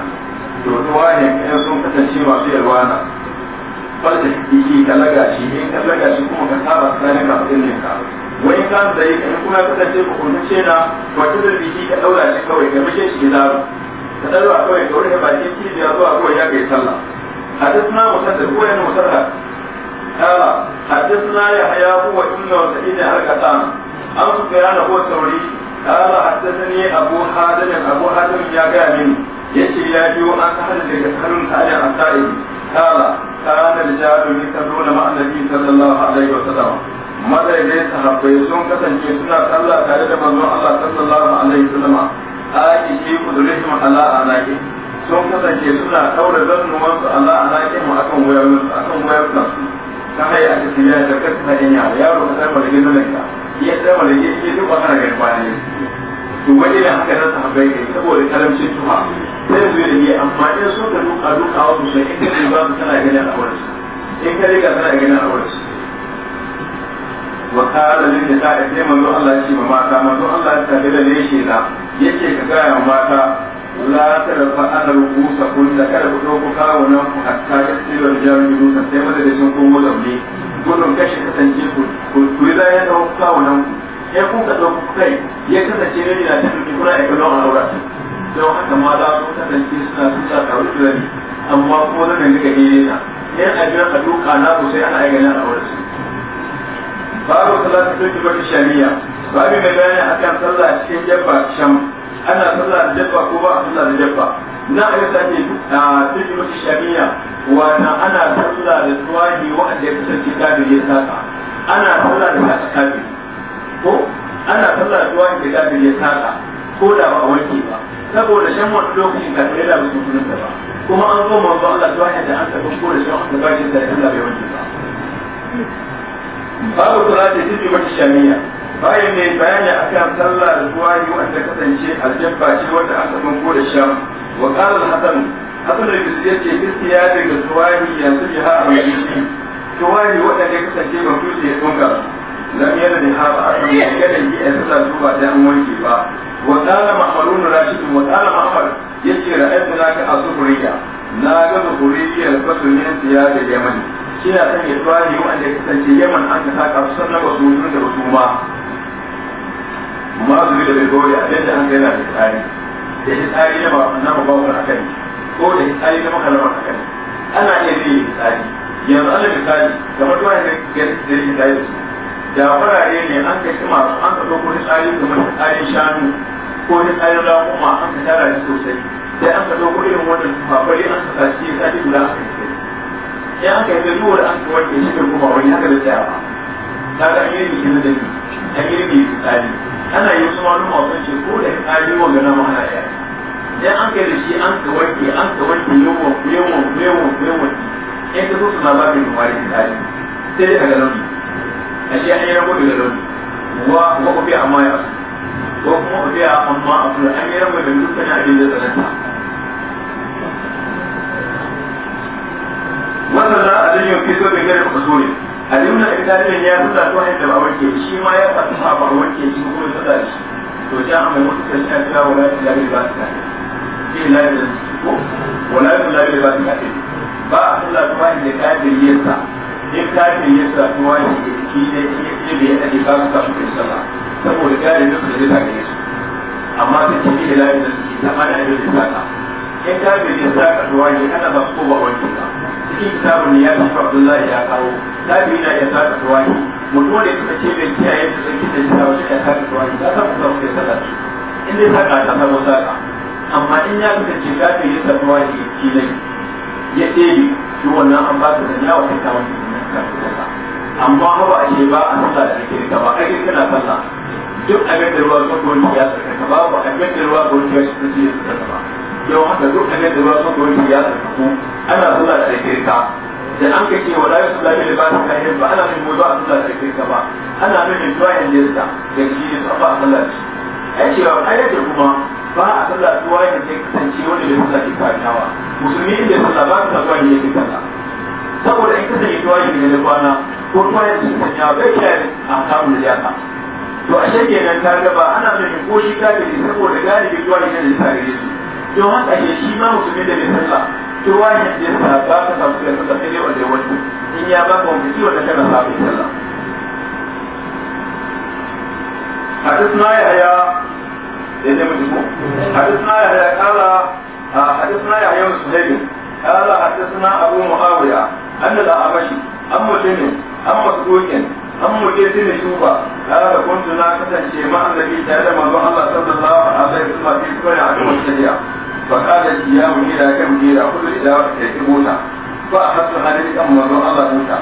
to zuwa ne in sun kasance masu yalwana farda shi ka laga shi in ka laga shi kuma ka saba tsakanin kafin ne ka wani ka da yake in kuma ya kasance ko kuma ce na wato da biki ka daura shi kawai ka bishe shi da ka daura kawai ka wurin baki ki da zuwa kawai ya kai sallah حدثنا مسدد هو يعني مسدد آه. حدثنا يحيى هو ابن وسعيد هلكتان عن سفيان هو الثوري قال حدثني ابو حازم ابو حازم يا قال يشي يا جو ان حدث يسالون عن عن قال كان رجال يصلون مع النبي صلى الله عليه وسلم ماذا يريد صحابي سون كسنجي سنة الله تعالى من الله صلى الله عليه وسلم aki shi kudurihim ala anaki sun kasance suna daura zannuwan su ala anaki mu akan wayoyin su akan wayoyin su ta hai a cikin ya da kasu na yan yaro yaro ka sai malage nan ka iya sai malage shi duk wata daga kwani to wani da haka nan sahabbai kai saboda karamci tuha sai su yi da ni amma in sun ka duka duka wasu sai in ka ba su tana ganin auren su in ka riga tana ganin auren su wa qala lin nisa'i sai manzo Allah ya ce ma mata manzo Allah ta tabbata da ne shi na yake ka gaya mata la ta fa ana rubusa kun da kada ku ɗauko kawo nan ku hatta ya tsirar jami'in rusa sai mata da sun kuma zaune gudun kashe kasance ku ku yi zai da wasu kawo nan ku ya ku ka ku kai ya kasance ne na cikin ki kuna aiki don aura don haka mata su kasance suna ka tare da ni amma kuma nan ne kake yi na ya ajiyar a duka na ku sai ana aiki na aura babu salatu sun ki baki shari'a babu mai bayani akan sallah cikin jabba sham ana sallah da jabba ko ba a sallah da jabba na a aka sake a cikin shari'a wannan ana sallah da tuwahi wanda ya kasance kafiri ya saka ana sallah da kafiri ko ana sallah da tuwahi da kafiri ya saka ko da ba a wanke ba saboda shan wani lokacin kafin tsira ba su kunin ba kuma an zo manzo Allah zuwa da an tafi ko da shan wani bashi da Allah bai wanke ba babu tura da jiji mata shamiya bayan mai bayani kan sallah da tuwari wanda kasance aljabba ce wanda aka ko da sha. wa qala al-hasan hasan al-bisri yace gaskiya daga tuwari yanzu bi ha al-bisri tuwari wanda ya kasance ba tuce ya tunka lam yana da ha ba a yi kada yi a sallah su ba da an wanke ba wa qala mahmalun rashidu. wa qala mahmal yace ra'aytu a asufuriya na ga zuhuriyar fasulin siyasa yamani shi na sanya tuwari wanda ya kasance yaman an ka saka su sannan wasu mutum da su ma ma su bi da gori a yadda an gana da tsari da shi tsari na ba na ba bawon a kai ko da shi tsari na makalama a kai ana iya da tsari yanzu ala misali kamar da ya ga da shi tsari su da farare ne an ka kima su an ka ɗauko ni tsari kamar tsarin shanu ko ni tsarin raƙuma an ka tara shi sosai sai an ka ɗauko irin wannan fafari an ka tashi ya tsari guda a kai sai an ka yi da duwar an ka wanke shi da kuma wani haka da tsayawa ta da an yi rikin da ni an yi rikin tsari ana yi wasu wani wasan ce ko da kaji wa gana ma ana yaya idan an kai da shi an ka wanke an ka wanke yawan yawan yawan yawan in ka zuwa su na babin kumari da sai dai a ga launi a shi an yi rabo da launi wa wa ku amma ya ko kuma ku biya amma a kula an yi rabo da dukkan abin da ta. wannan za a zai yi fi so da gare ku alimin da ne ya nuna to ne da ba wanke shi ma ya fata ma ba wanke shi ko ya sada shi to ja amma mutu ta shi wani wala ila ba ta ke la da ko wala ba bil basika ba a kula da wani da kafin yasa in kafin yasa to wani da shi da shi da ya da ba su ta shi sala saboda kare duk da ya ta ke amma ta ce da bil basika ta mana ila bil ta in kafiri ya sa ka duwaye ana ba ko ba wanke ka cikin kitabun ne ya ci Abdullahi ya kawo kafiri na ya sa ka duwaye mutum da ya ce bai kiyaye su sai kitan shi dawo shi ya sa ka duwaye za ka mutum sai saka shi in dai saka ta sabo saka amma in ya kasance kafiri ya sa duwaye ya ci ne ya ɗebe shi wannan an ba ka sanya wa kai ta wani amma haba a ce ba a sallah da kake ka ba kai kana sallah duk abin da ruwa ko ya saka ka ba ba abin da ruwa ko ya saka ba yau haka dukkanin da ruwa sun kawai ya tsarkaku ana zuwa da kirka da an ka ce wala da ba ana a zuwa da ba ana da ne ba a ya ce wa kuma ba a sallah tuwayen ta kasance wani da sallah ke kwanawa musulmi da ba su ne saboda in da kwana ko da suka bai a samun to a shege nan ta gaba ana mai ko saboda su domin a ke shi ma mutumin da bai san ba to wa ne ba ka samu kai ka sai dai wani in ya ba ka mutumin wanda ka rasa ba insha Allah hadis na ya ya dai ne mutum kala hadis na ya ya musulmi kala hadis na abu muawiya annal abashi an mutumin an masukokin an muke sai shuka kala da kuntuna kasance ma'azabi tare da manzon Allah sallallahu alaihi wasallam fi kare a cikin shari'a فقال الإمام إلى كم جيرا كل إلى وقت فأخذت حديث أم مرضو الله موسى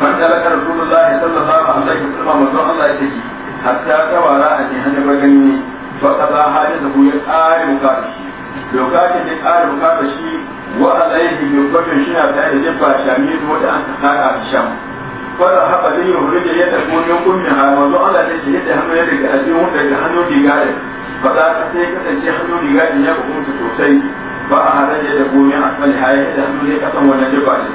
فانطلق رسول الله صلى الله عليه وسلم مرضو الله يتجي حتى توارى أن يهنب جنيه فقضى حاجته يقال مقابل lokacin da ƙara bukata shi wa alaihi lokacin shi na tare da ba shami wanda an ta a sham fara haka zai yi hurri da yadda kuma yankun mai haramu zuwa ala yadda ba za ta sai kasance hannun riga in ya hukunta sosai ba a haraje da gome a kan haye da hannu ne kasan wannan jiba ne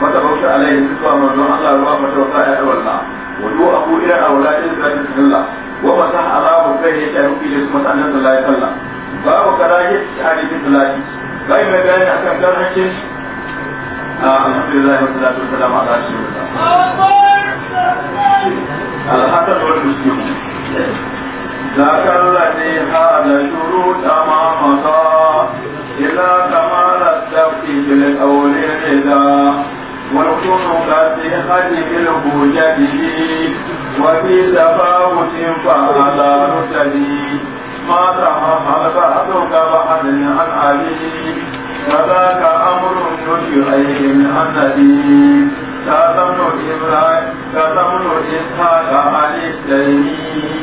wata bauta alaihi zuwa manzon Allah ruwa mata wata ya walla wudu abu ila auladin zaki sallah wa mata alabu kai ya ta rubi da kuma sanan sallah ya sallah babu karaje a hadisi salati bai mai bayani akan karhancin alhamdulillah wa salatu wassalamu ala rasulillah الحسن والمسلم ذاك الذي حال شروط ما مضى إلى كمال الدفء بالقول الرضا والكون قد حجب الهجد وفي تفاوت فهذا مرتدي ما تمحى البعث كبعد عن علي فذاك أمر نشر من النبي كتمن إبراهيم كتمن إسحاق علي التيمي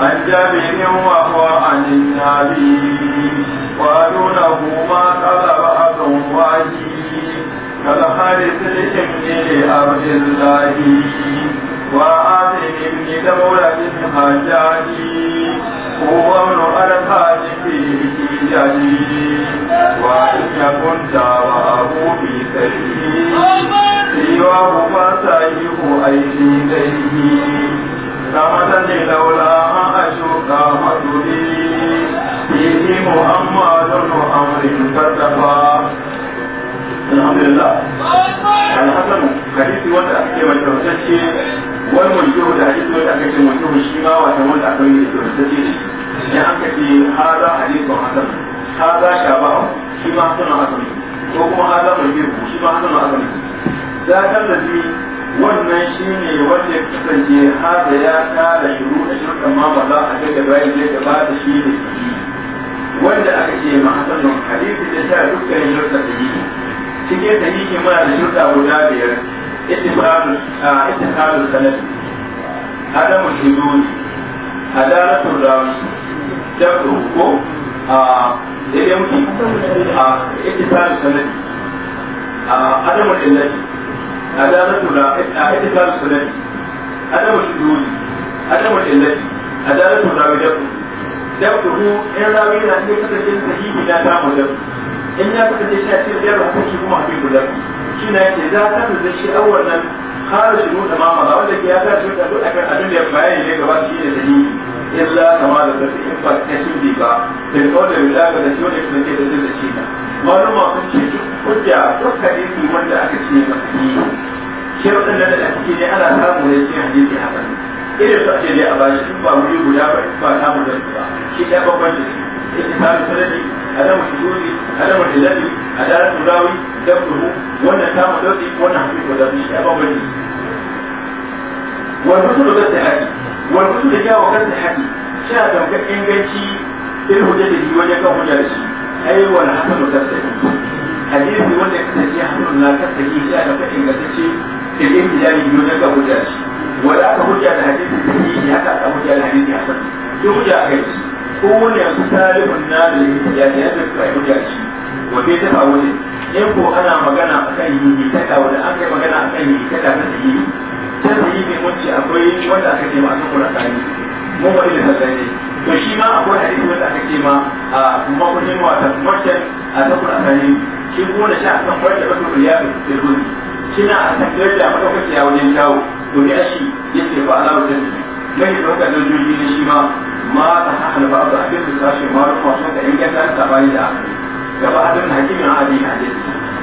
عن جابر وهو عن النبي قالوا له ما قال بعض وعجيب كالحارث لابن عبد الله وعاصم بن دولة الحجاج هو ابن الحاج في الحجاج وإن يكن دعواه في سيره سواه فسيه أيدي الأمل لولا أشك مدري فيه محمد أمر فتقى الحمد لله الحسن حديث وضع كما ترتشي والمجهور حديث وضع كما مجهور الشيما وتموت أكمل ترتشي يعني هذا حديث حسن هذا شابه شيما حسن حسن وكما هذا مجهور شيما حسن حسن ذاك الذي wannan shi ne wanda ya kasance haɗa ya tara shiru da shirkan ma ba za a ga da bayan zai gaba da shi ne shi wanda aka ce ma hasanun hadisi da ta dukkan shirka da yi cikin da yi ke mana da shirka guda biyar ittifalu sanadi adamu shuduni adalatul rawi jabu ko a da yanki a ita ittifalu sanadi adamu illati عدالة لا اعتقال السنن عدم الشذوذ عدم العلة عدالة الراوي دفعه دفعه إن الراوي لا يكتسب صحيح لا تعمل دفعه in ya kuka da shi a cikin yaro hukunci kuma habibu da shi na yake za ta da shi awwal nan kharaju da mamala wanda ke ya tashi da duk akan da ne dalili illa kama da kasu in ba ta shi ba bai kawai da wilaka da shi wani da ke da shi na maluma sun ce duk hujja duk hadisi wanda aka ce masa yi shi da aka ce ne ana samu ne cikin hadisi haka ne irin su ake ne a bashi ba wuri guda ba ba samu da su ba shi ya bambanci shi ya samu sanadi adamu shuduri adamu hilali adamu turawi dabbuhu wannan samu dauki wannan hadisi da su shi ya bambanci wannan su da zai haƙi wanda su da kyawa kan da haɗi suna daukar inganci in hujjar da shi wajen kan hujjar shi ai wani hasan mutassari hadisi wanda ya kasance hannun na kasance suna daukar ce da yin bijari biyu wajen kan hujjar shi wanda aka hujja da hadisi da shi ka aka hujja da hadisi hasan duk hujja a kai shi kowane yanzu talibin na da ya ya da ya ta ya da ya da ya da Wani da ya da ya ne ko ana magana a kan yi ta da wanda aka yi magana a kan yi ta da ta yi ta da yi mai mutunci akwai wanda aka ce ma aka kurakani mun wani da sallan ne to shi ma akwai hadisi wanda aka ce ma a makunin wata mutum a ta kula yi shi kuma da shi a kan kwarar da kasu riyadu da ruzi shi na a kan da madaukaki a wajen jawo to ne a shi ce ba alawar jami'i mai ɗaukar dojoji ne shi ma ma ta hana ba a abin da sashe ma rufa sun da ta ta sabani da aka yi. gaba adam hakimin abi hadis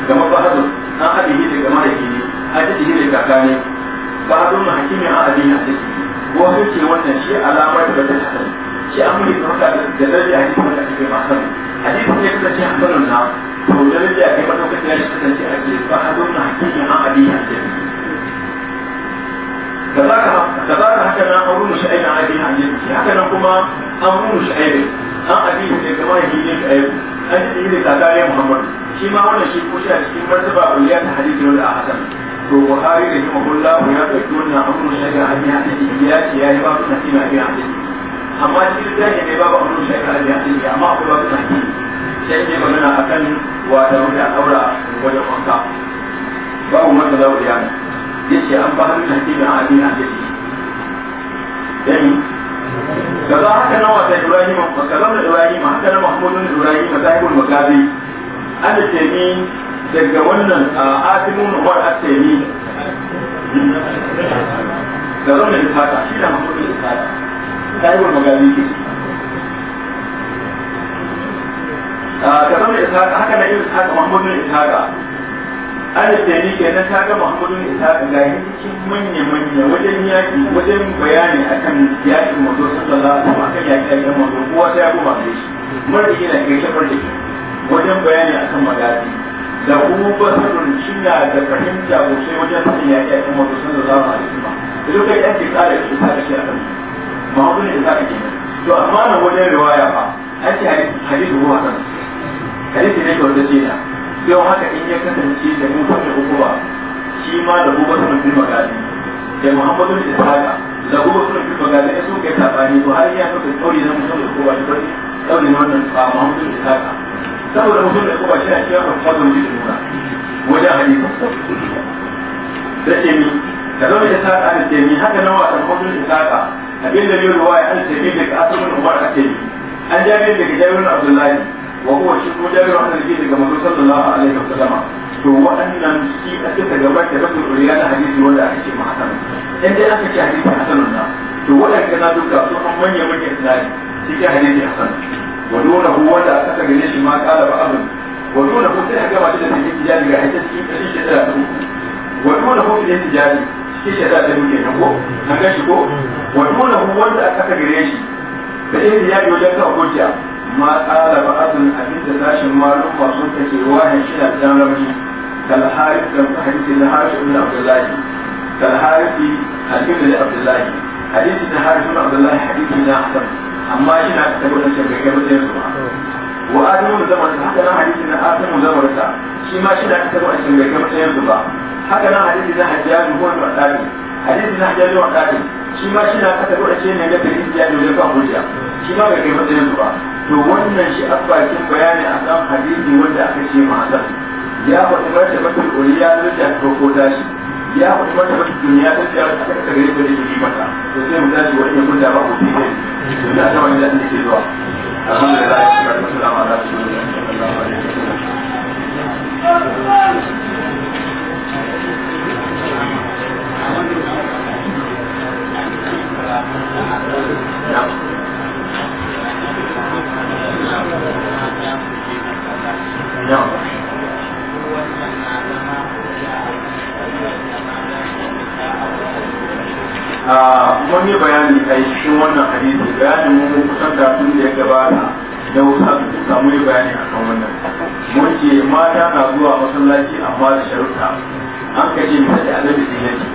gama ba hadu an abi hidi gama da kini a ta hidi da kakane ba hadu na hakimin abi hadis ko ce wannan shi alamar da ta hasan shi an muni haka da a daraja hadis da ake ma san hadis ne kasance hasanun na to daraja kai ba ta kasance a ce ba hadu na hakimin abi hadis كذاك كذاك هكذا أمر شعيب عن أبيه عن جده هكذا كما أمر شعيب عن أبيه كما يجي شعيب أن تجي لتعالى محمد شيما ولا شيء كوشا شيء مرتبة أولياء الحديث ولا أحسن to buhari da kuma kulla ya ɗauki wannan amuru shari'a a biya hadisi ya ce ya yi babu nasiba a biya hadisi amma cikin zai ne babu amuru shari'a a biya hadisi amma akwai babu nasiba sai ne magana akan wata wuta aura wajen wanka babu masa zauriya ne yace an ba hannun hanci da abin na yace dani kaza haka nan wata Ibrahim kaza da Ibrahim haka nan Mahmudun Ibrahim sahibul makabi an ce ni daga wannan Asimun Umar Atemi da zama da fata shi da Mahmudun Isaka sahibul makabi ke kaza da Isaka haka nan Isaka Mahmudun Isaka alifani kenan ka ga Muhammadu ne ta ga cikin manya manya wajen yaki wajen bayani akan yakin manzo sallallahu alaihi wasallam akan a da manzo kowa ta yabo ba shi mara yana kai ta farke wajen bayani akan magadi da kuma basarun shina da fahimta sosai wajen sanin yaki akan manzo sallallahu alaihi wasallam da kai yan ke tsara ki tsara shi akan Muhammadu ne ta ga to amma na wajen riwaya ba an ce hadisi hadisi ruwa kan hadisi ne ko da shi sai haka in ya kasance da mu fata hukuma shi ma da gobe sun fi magani da muhammadu da isaka da gobe sun fi magani ya sun kai sabani to har ya kafa tauri na mutum da kowa da bari tauri na wannan ba muhammadu da isaka saboda mutum da kowa shi a cewa muhammadu da ishaqa wajen halifa da ce ni da zama ya saƙa da ce ni haka nawa da muhammadu da isaka abin da ne ruwa ya an ce daga asirin umar ake yi an jami'in daga jami'in abdullahi wa huwa shi ko jami'a wannan ke daga manzo sallallahu alaihi wasallam to waɗannan shi ake daga baki da kuma riya da hadisi wanda aka ce ma hasan in dai aka ce hadisi hasanun na to waɗannan na duka su an manya manya isnadi cikin hadisi hasan wa dole hu wanda aka gane shi ma kala ba abin wa dole hu sai aka gama da cikin tijari ga hadisi cikin kashi shekara ta uku wa dole hu cikin tijari cikin shekara ta uku kenan ko an gashi ko wa dole hu wanda aka gane shi da irin tijari wajen kawo kuciya ma tsara abinda abin da tashin malum ba sun take wahan shida dan rashi kalharif da hadisi na harif ibn abdullahi kalharifi hadisi da abdullahi hadisi na harif abdullahi hadisi na hasan amma shi na tabbatar da bai kai mutane ba wa adamu zaman haka nan hadisi na asimu zamarta shi ma shi da aka taba cikin bai kamar ba haka nan na hajjaji ko wani wadani hadisi na hajjaji wadani shi ma shi shi ba to wannan shi abbakin bayani a kan hadisi wanda aka ce ma hasan ya wata mata mafi koriya da ta farko shi ya wata mata mafi duniya da ta aka kare da yi mata sai mu tashi wani yankun da ba ku fi ne da ta wani da ke zuwa shiga da su Thank you. mun yi bayani a yi cikin wannan hadisi bayanin mun kusan da tun da ya gabata da wasu samu yi bayani a kan wannan mun ce mata na zuwa masallaci amma da sharuta an ka ce misali annabi sun yake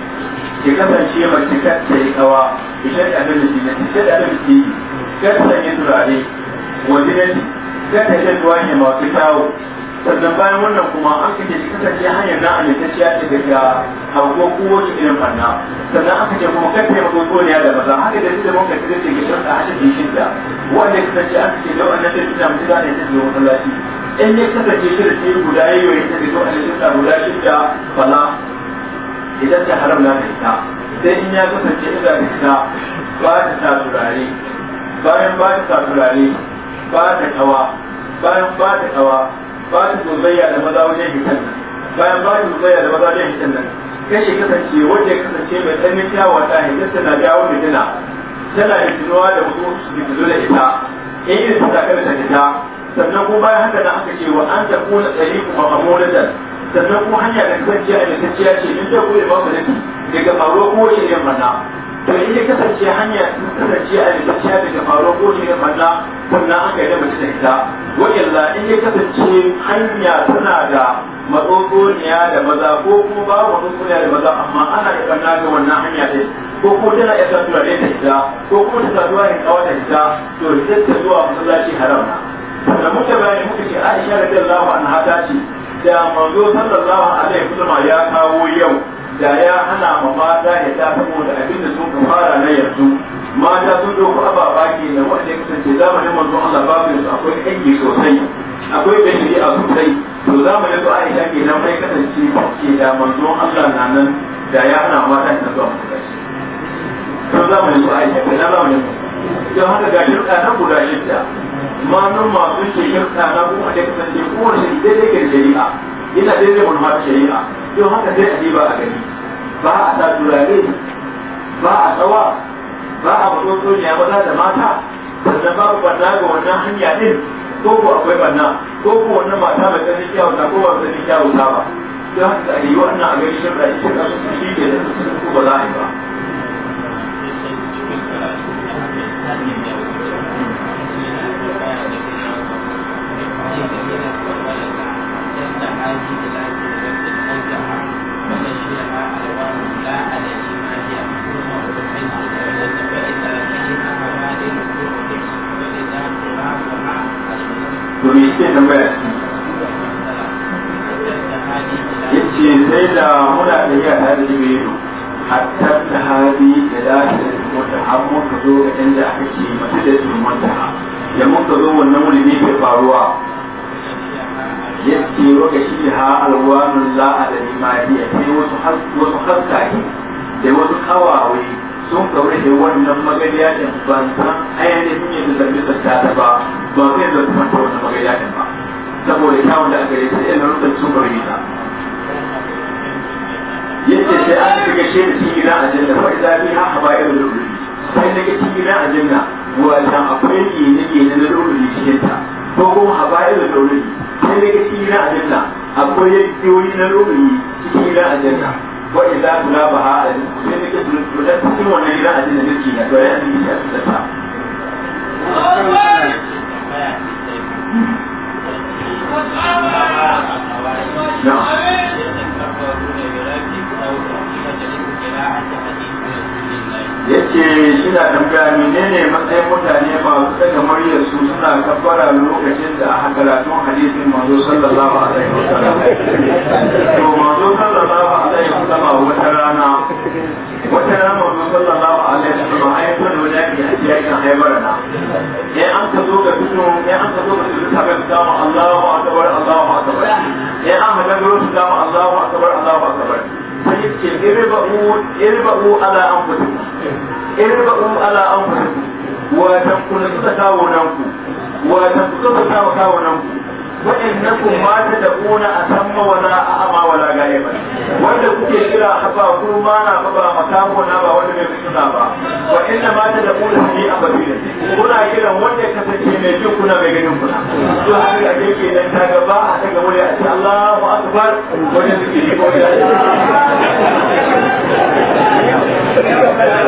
ki kasance mace kar ta yi kawa misali annabi sun yake kar da annabi sun yi kar ta yi turare wajen kar ta yi ne ya masu kyawu sannan bayan wannan kuma an kace shi kasance hanyar na amintacciya ce daga hauko kowace irin fanna sannan aka ce kuma kai ya mako ne da maza haka da da muka kace ce gishin da hashe gishin da wanda kasance an kace da wannan da da mutum da ne ta zuwa masallaci in ne kasance shi da shi guda yayi yayi ta zuwa da guda shi da fala idan ta haram na ta sai in ya kasance ina da ta ba ta sa turare bayan ba ta sa turare ba ta kawa bayan ba ta kawa bayan gozayya da maza wajen hitan nan bayan bayan gozayya da maza wajen hitan nan kashe kasance wanda ya kasance mai tsanin kyawawa ta hitarsa na jawo fitina tana fitinuwa da wasu su fitinu da ita in irin ta kada ta fita sannan kuma bayan haka na aka ce wa an ta kuna tsari kuma mamolatan sannan kuma hanya da kasance a yantacciya ce in ta kuma ba mu daga faruwa ko shi ne mana to in ya kasance hanya kasance a yanzu rikicciya da faruwar goji da manna kunna an gaida mace da ita wa'illa in ya kasance hanya tana da matsotsoniya da maza ko kuma ba babu matsotsoniya da maza amma ana da kanna ga wannan hanya ɗin ko kuma tana iya saduwa da ita ko kuma ta saduwa da kawar da ita to ta zuwa masallaci haram na da muke bayani muka ce Aisha da radiyallahu anha ta ce da manzo sallallahu alaihi wasallam ya kawo yau da ya hana ma mata ya ta saboda abin da sun fara na yanzu mata sun doko ababa ke na wanda ya kasance zamanin manzo Allah babu yanzu akwai aiki sosai akwai dalili a sosai to zamanin su Aisha ke nan mai kasance ke da manzo Allah na nan da ya hana mata ta zuwa to zamanin su Aisha ke na zamanin don haka ga shirka na guda shidda ma nan masu ke shirka na kuma da kasance kowace daidai ga shari'a yana ɗaya da manuma mata shari'a to haka sai a ba a gani ba a sa turare ba a tsawa ba a bato sojiya maza da mata sannan babu banna ga wannan hanya ɗin ko ko akwai banna ko ko wannan mata mai tsanin kyawun ta ko ba mai tsanin kyawun ta ba to haka a yi wannan a gani shirka shi shirka su shi ke da su ba za a yi ba. هذه الآية أوجها وغشيها ألوان لا أدري ما هي ثم أدخلت الجنة فإذا كانت حوالي الكفر yace sai da muna da da biyu hatta ta hadi da lafiyar wata har muka zo ga inda aka ce da sun manta da muka zo wannan wani ne ke faruwa yake lokaci da ha alwanun la'adari mariya sai wasu haskaki da wasu kawawai sun kaure da wannan magariya din ban san ayyane sun yi zarbi sarta da ba ba zai zarbi mata wannan magariya din ba saboda kyawun da aka yi sai yana rufin sun kaure ta yake sai an shiga shi da cikin gidan aljanna fa idan bi ha haba irin rubi sai daga cikin gidan aljanna wannan akwai ne ne na rubi cikin ta ko kuma haba irin rubi sai daga cikin na aljanna akwai yajiyoyi na rukuni cikin na aljanna wa idza tulabaha sai daga cikin wannan gidan aljanna da to ya yi ya tsata No. yace suna ne ne matsayin mutane ba su daga muryar su suna kabbara lokacin da aka karatu hadisin manzo sallallahu alaihi wasallam to manzo sallallahu alaihi wasallam wata rana wata rana manzo sallallahu alaihi wasallam ai ta dole ne a cikin haibar na ya an ka zo ga fito ya an ka zo ga fito ta ga Allahu akbar Allahu akbar ya an ka zo ga Allahu akbar Allahu akbar sai ya ce irba'u ala anfusikum irba'u ala anfusikum wa tanqulu ta kawunanku wa tanqulu ta wa'annakum ma tad'una asamma wala a'ma wala wanda kuke kira haba ku ma na ba na ba wanda ba wa inna ma tad'una fi abadin kuna kiran wanda ya mai jin kuna mai ganin kuna to har a daga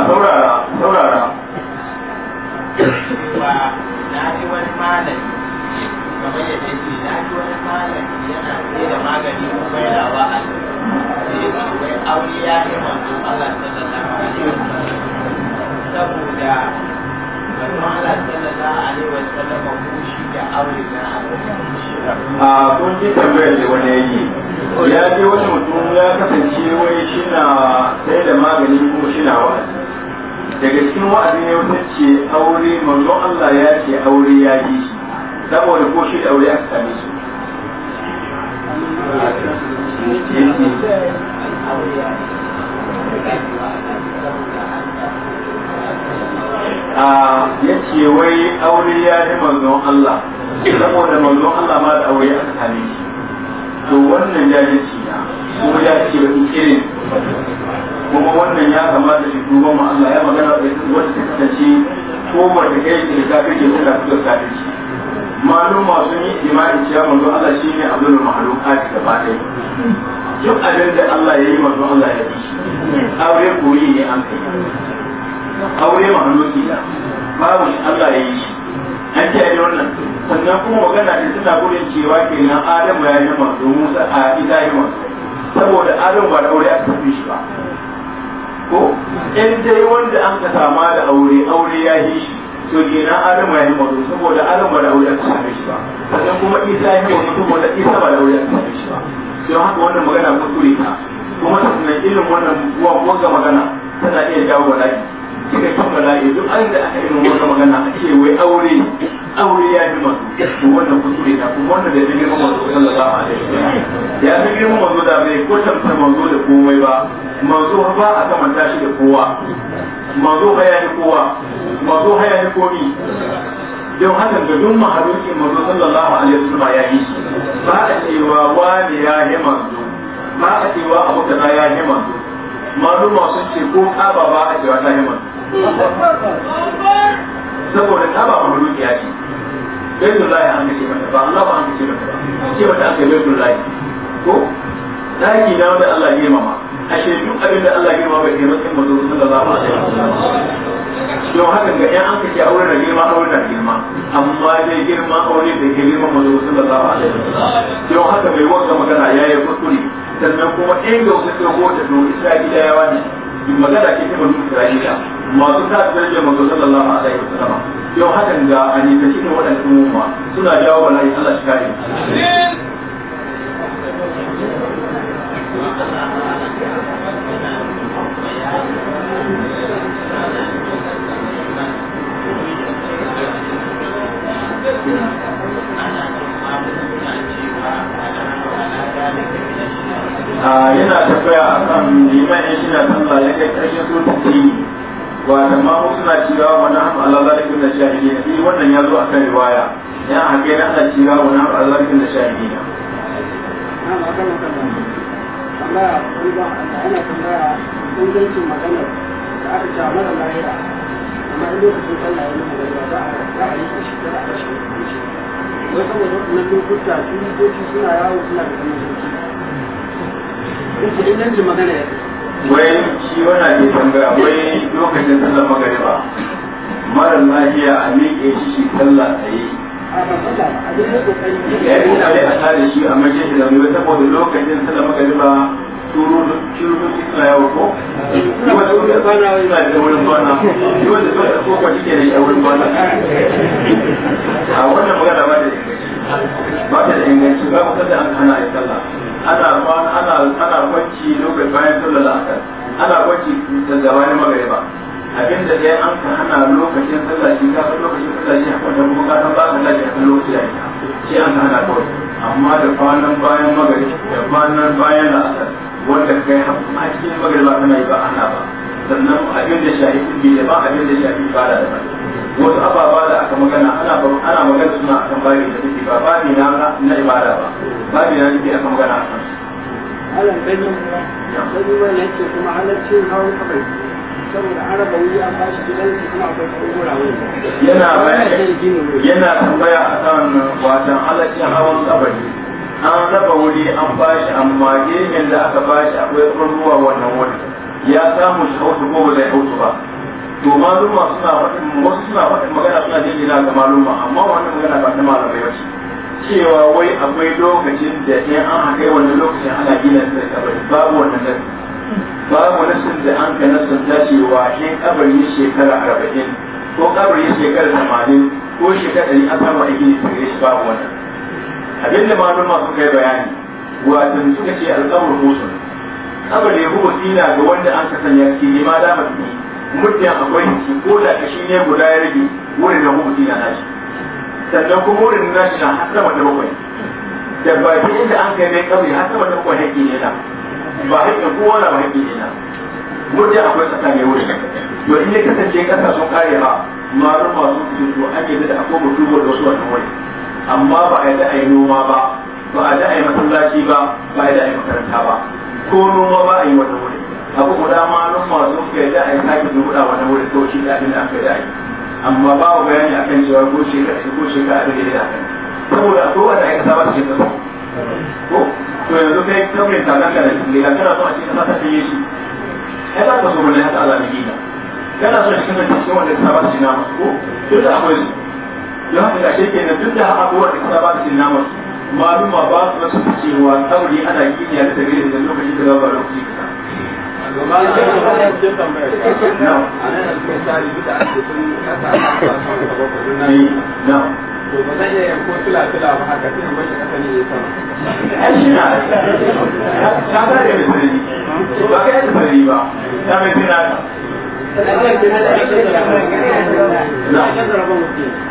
cewa na ji wani malami kamar yadda yake na ji wani malami yana sai da magani kuma yana wa'azi sai yake wai aure ya yi manzo Allah sallallahu alaihi wasallam saboda manzo Allah sallallahu alaihi wasallam ko shi da aure na a kun ji tambayar da wani yayi ya je wani mutum ya kasance wai shi na sai da magani kuma shi na wa'azi daga cikin wa'azin ya wuce ce aure manzon Allah ya ce aure ya yi shi saboda ko shi aure aka same shi a ya ce wai aure ya yi manzon Allah saboda manzon Allah ma da aure aka same shi to wannan ya ce na ko ya ce wani irin kuma wannan ya kamata shi duba ma Allah ya magana da ita wacce ta kasance ko ba ta kai ta ta kake ko da kuka ta ci malum masu yi imani cewa manzo Allah shi ne abdul mahlukat da ba dai duk abin da Allah ya yi manzo Allah ya yi aure koyi ne an kai aure mahluki da babu Allah ya yi shi an ta yi wannan sannan kuma magana da suna gurin cewa kenan Adamu ya yi manzo Musa a yi Ibrahim saboda Adamu ba da aure a tafi shi ba ko in dai wanda an ka sama da aure aure ya yi shi to kenan alama ya yi mutu saboda alama da aure aka same shi ba sannan kuma isa ya yi mutu saboda isa ba da aure aka same shi ba don haka wannan magana kuskure ta kuma sannan ilimin wannan wanga magana tana iya jawo bala'i suka kafala ya duk an da aka irin wata magana a ce wai aure aure ya fi masu to wannan kuskure na kuma wannan da ya fi girma masu sallallahu alaihi wasallam ya fi girma masu da bai ko tamtar masu da komai ba masu ba a kamanta shi da kowa masu haya ni kowa masu haya ni komi don haka ga duk mahalukin masu sallallahu alaihi wasallam ya yi ba a cewa wani ya yi mazo ba a cewa abu kaza ya yi masu maluma masu ce ko kaba ba a cewa ta yi masu saboda ta ba mu ruki bai baitun lahi an kace mata ba Allah ba an kace mata ba ce mata aka baitun lahi ko daki na wanda Allah ya mama ashe duk abin da Allah ya mama bai kai matsayin mazo sallallahu alaihi wasallam yau haka ga yan an ce auren da girma auren da girma amma dai girma aure da girma mazo sallallahu alaihi wasallam yau haka mai wanda magana yayi kuskure sannan kuma inda wasu ko ta do Isra'ila yawa ne magana ke ta mazo Isra'ila masu sa da ke manzo sallallahu alaihi wasallam yau hakan ga anita cikin waɗannan umma suna jawo bala'i Allah shi kare ah, yana tafiya a kan liman shi na sallah ya kai ƙarshen sotun ba da ma suna cewa wani hamu Allah zalikin da shahidina sai wannan ya zo a kan riwaya ya haƙe na ana cewa wani hamu Allah zalikin da shahidina. tambaya wani ba ana tambaya da a su suna yawo suna da kamar sauki. magana ya wai shi wana ke tambaya wai lokacin sallar magariba mara lafiya a miƙe shi shi sallah yi. ya yi tsare a tare shi a mace shi zama saboda lokacin sallar magariba turu turu shi suna yawo ko shi wanda wuce tsana wani na da wurin bana shi wanda zuwa da kofa shi ke da ya wurin bana a wannan magana ba da inganci ba ta da inganci ba ku sallar an hana a yi sallah ana kwana ana ana bacci lokacin bayan sallar asar ana bacci da gabanin magariba abin da dai an ka hana lokacin sallah shi ka lokacin sallah shi haka da kuma kasan ba ka lafiya kan lokaci da ita shi an hana kawai amma da kwanan bayan magariba da kwanan bayan asar wanda kai a cikin magariba kana yi ba ana ba sannan abin da shahi kuɗi da ba abin da shahi da wasu ababa da aka magana ana ana magana suna akan da ba na na ibada ba na aka magana akan kuma hawan kabai saboda araba an ba shi kuma akwai yana bayani yana tambaya kabai an raba wuri an bashi amma gemin da aka bashi akwai ruwa wannan wani. ya samu shi wasu ko ba zai hau ba to maluma suna faɗin wasu suna faɗin magana suna jejjela ga maluma amma wannan magana ba ta malamai ba cewa wai akwai lokacin da in an haka wannan lokacin ana gina da kabari babu wannan nan babu nasin da an ka nasin ta cewa shi kabari shekara arba'in ko kabari shekara tamanin ko shekara ɗari an samu a gini tare shi babu wannan abinda maluma suka yi bayani tun suka ce alƙawar musulun kabari ya huwa sila ga wanda an ka sanya ciki ne ma dama ciki mutum akwai shi ko da shi ne guda ya rage wurin da huwa sila na shi sannan kuma wurin na shi na har sama da bakwai da ba ta inda an kai mai kabari har sama da bakwai haƙƙi ne na ba haƙƙin kowa na ba haƙƙi ne na mutum akwai tsaka ne wurin to in ya kasance ƙasa sun kare ba malum masu fito an yi da akwai mutuwa da wasu wannan wani amma ba a yi da a yi noma ba ba a da a yi masallaci ba ba a yi da a yi makaranta ba ko noma ba a yi wani wuri abu guda ma nan ma sun kai da a yi sake nuɗa wani wuri to shi da abin da aka yi amma ba wa bayani akan cewa ko shekara ko shekara da ya da saboda ko wanda aka saba ce ta ko to yanzu kai ta mai tsanan ka da shi kana so a ce ta ta yi shi ai ba ka so mun haka Allah ne kana so shi kana cikin wanda saba ce nama ko to da akwai don haka da shi kenan duk da abubuwan da ta saba ce nama maluma ba su wasu cewa sauri ana kimiyya da tagari da lokacin da eh, ba lokaci ka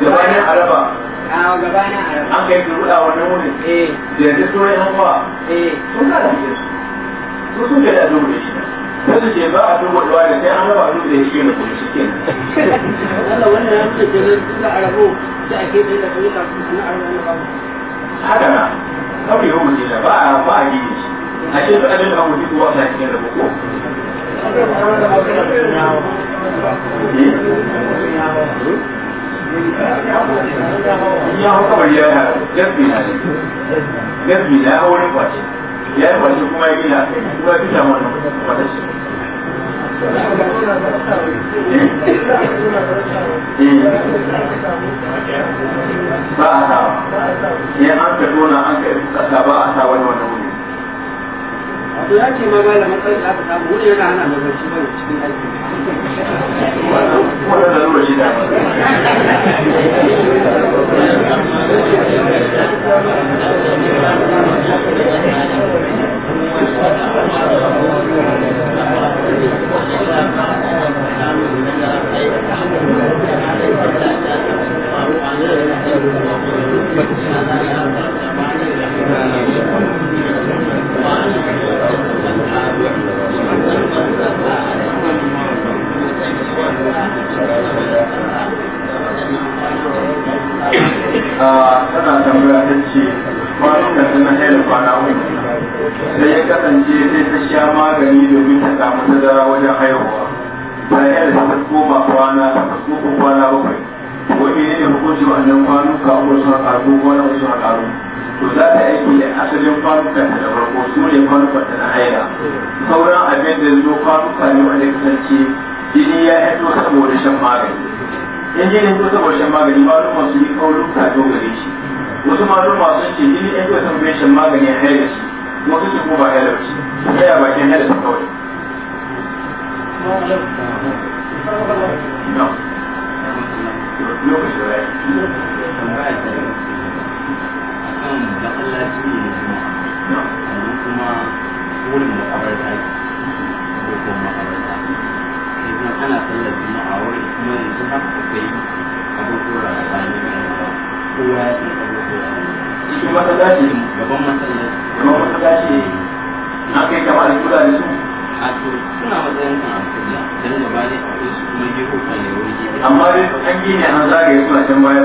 gabanin araba a gabanin araba an kai ruda wurin eh. da yanzu turai an fa sun ka lafiya eh. su sun kai da dubu da shi wasu ce ba a dubu da sai an raba dubu da shi ne kuma shi ke wannan wannan ya fice jirgin su arabo da ake da da kuma na arabo na haka na kawai yau da ba a ba a gidi shi a ce duk abin da an wuce kowa na cikin rabo ko Thank you. ya yi eh. Eh. ba a eh, an ka tona an ka yi ba a sa wani wuri to ya ce ma malam matsayin da aka samu wani yana hana mai cikin aiki Thank you. Ah, tana tambaya ta ce kwanan da suna haila kwana uku sai ya kasance sai ta sha magani domin ta samu tazara wajen haihuwa bayan da ta koma kwana uku kwana bakwai wani ne hukunci wannan kwanuka uku suna ƙaru ko wani uku suna ƙaru to za ta aiki da asalin kwanuka da farko su ne kwanuka na haila sauran abin da zo kwanuka ne wanda kasance jini ya hito saboda shan magani in jini hito saboda shan magani malum masu yi kaurin ka dogare shi wasu malum masu ce jini ya hito saboda shan magani ya haila shi wasu ce kuma ba haila shi sai a bakin haila su kawai. No. Lokacin da wannan masallaci ne da kuma sannan kuma wurin makabarta ko kuma makabarta sai kuma ana sallar a wurin kuma yanzu haka kuka yi abubuwa a tsakanin rayuwa kowa ya san abubuwa shi masallaci gaban masallaci gaban masallaci na kai jama'a da kula da su a to suna matsayin kan alƙibla dan gaba ne akwai su kuma gefe kan ne wuri amma dai an gine an zagaye su a can baya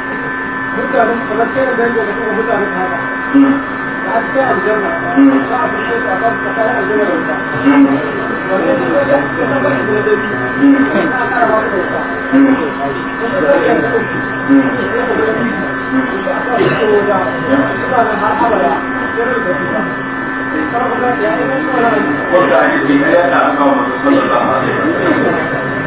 mutanen kamar kai da bayan daga cikin da haske da wuta wannan ne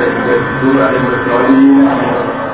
da dura da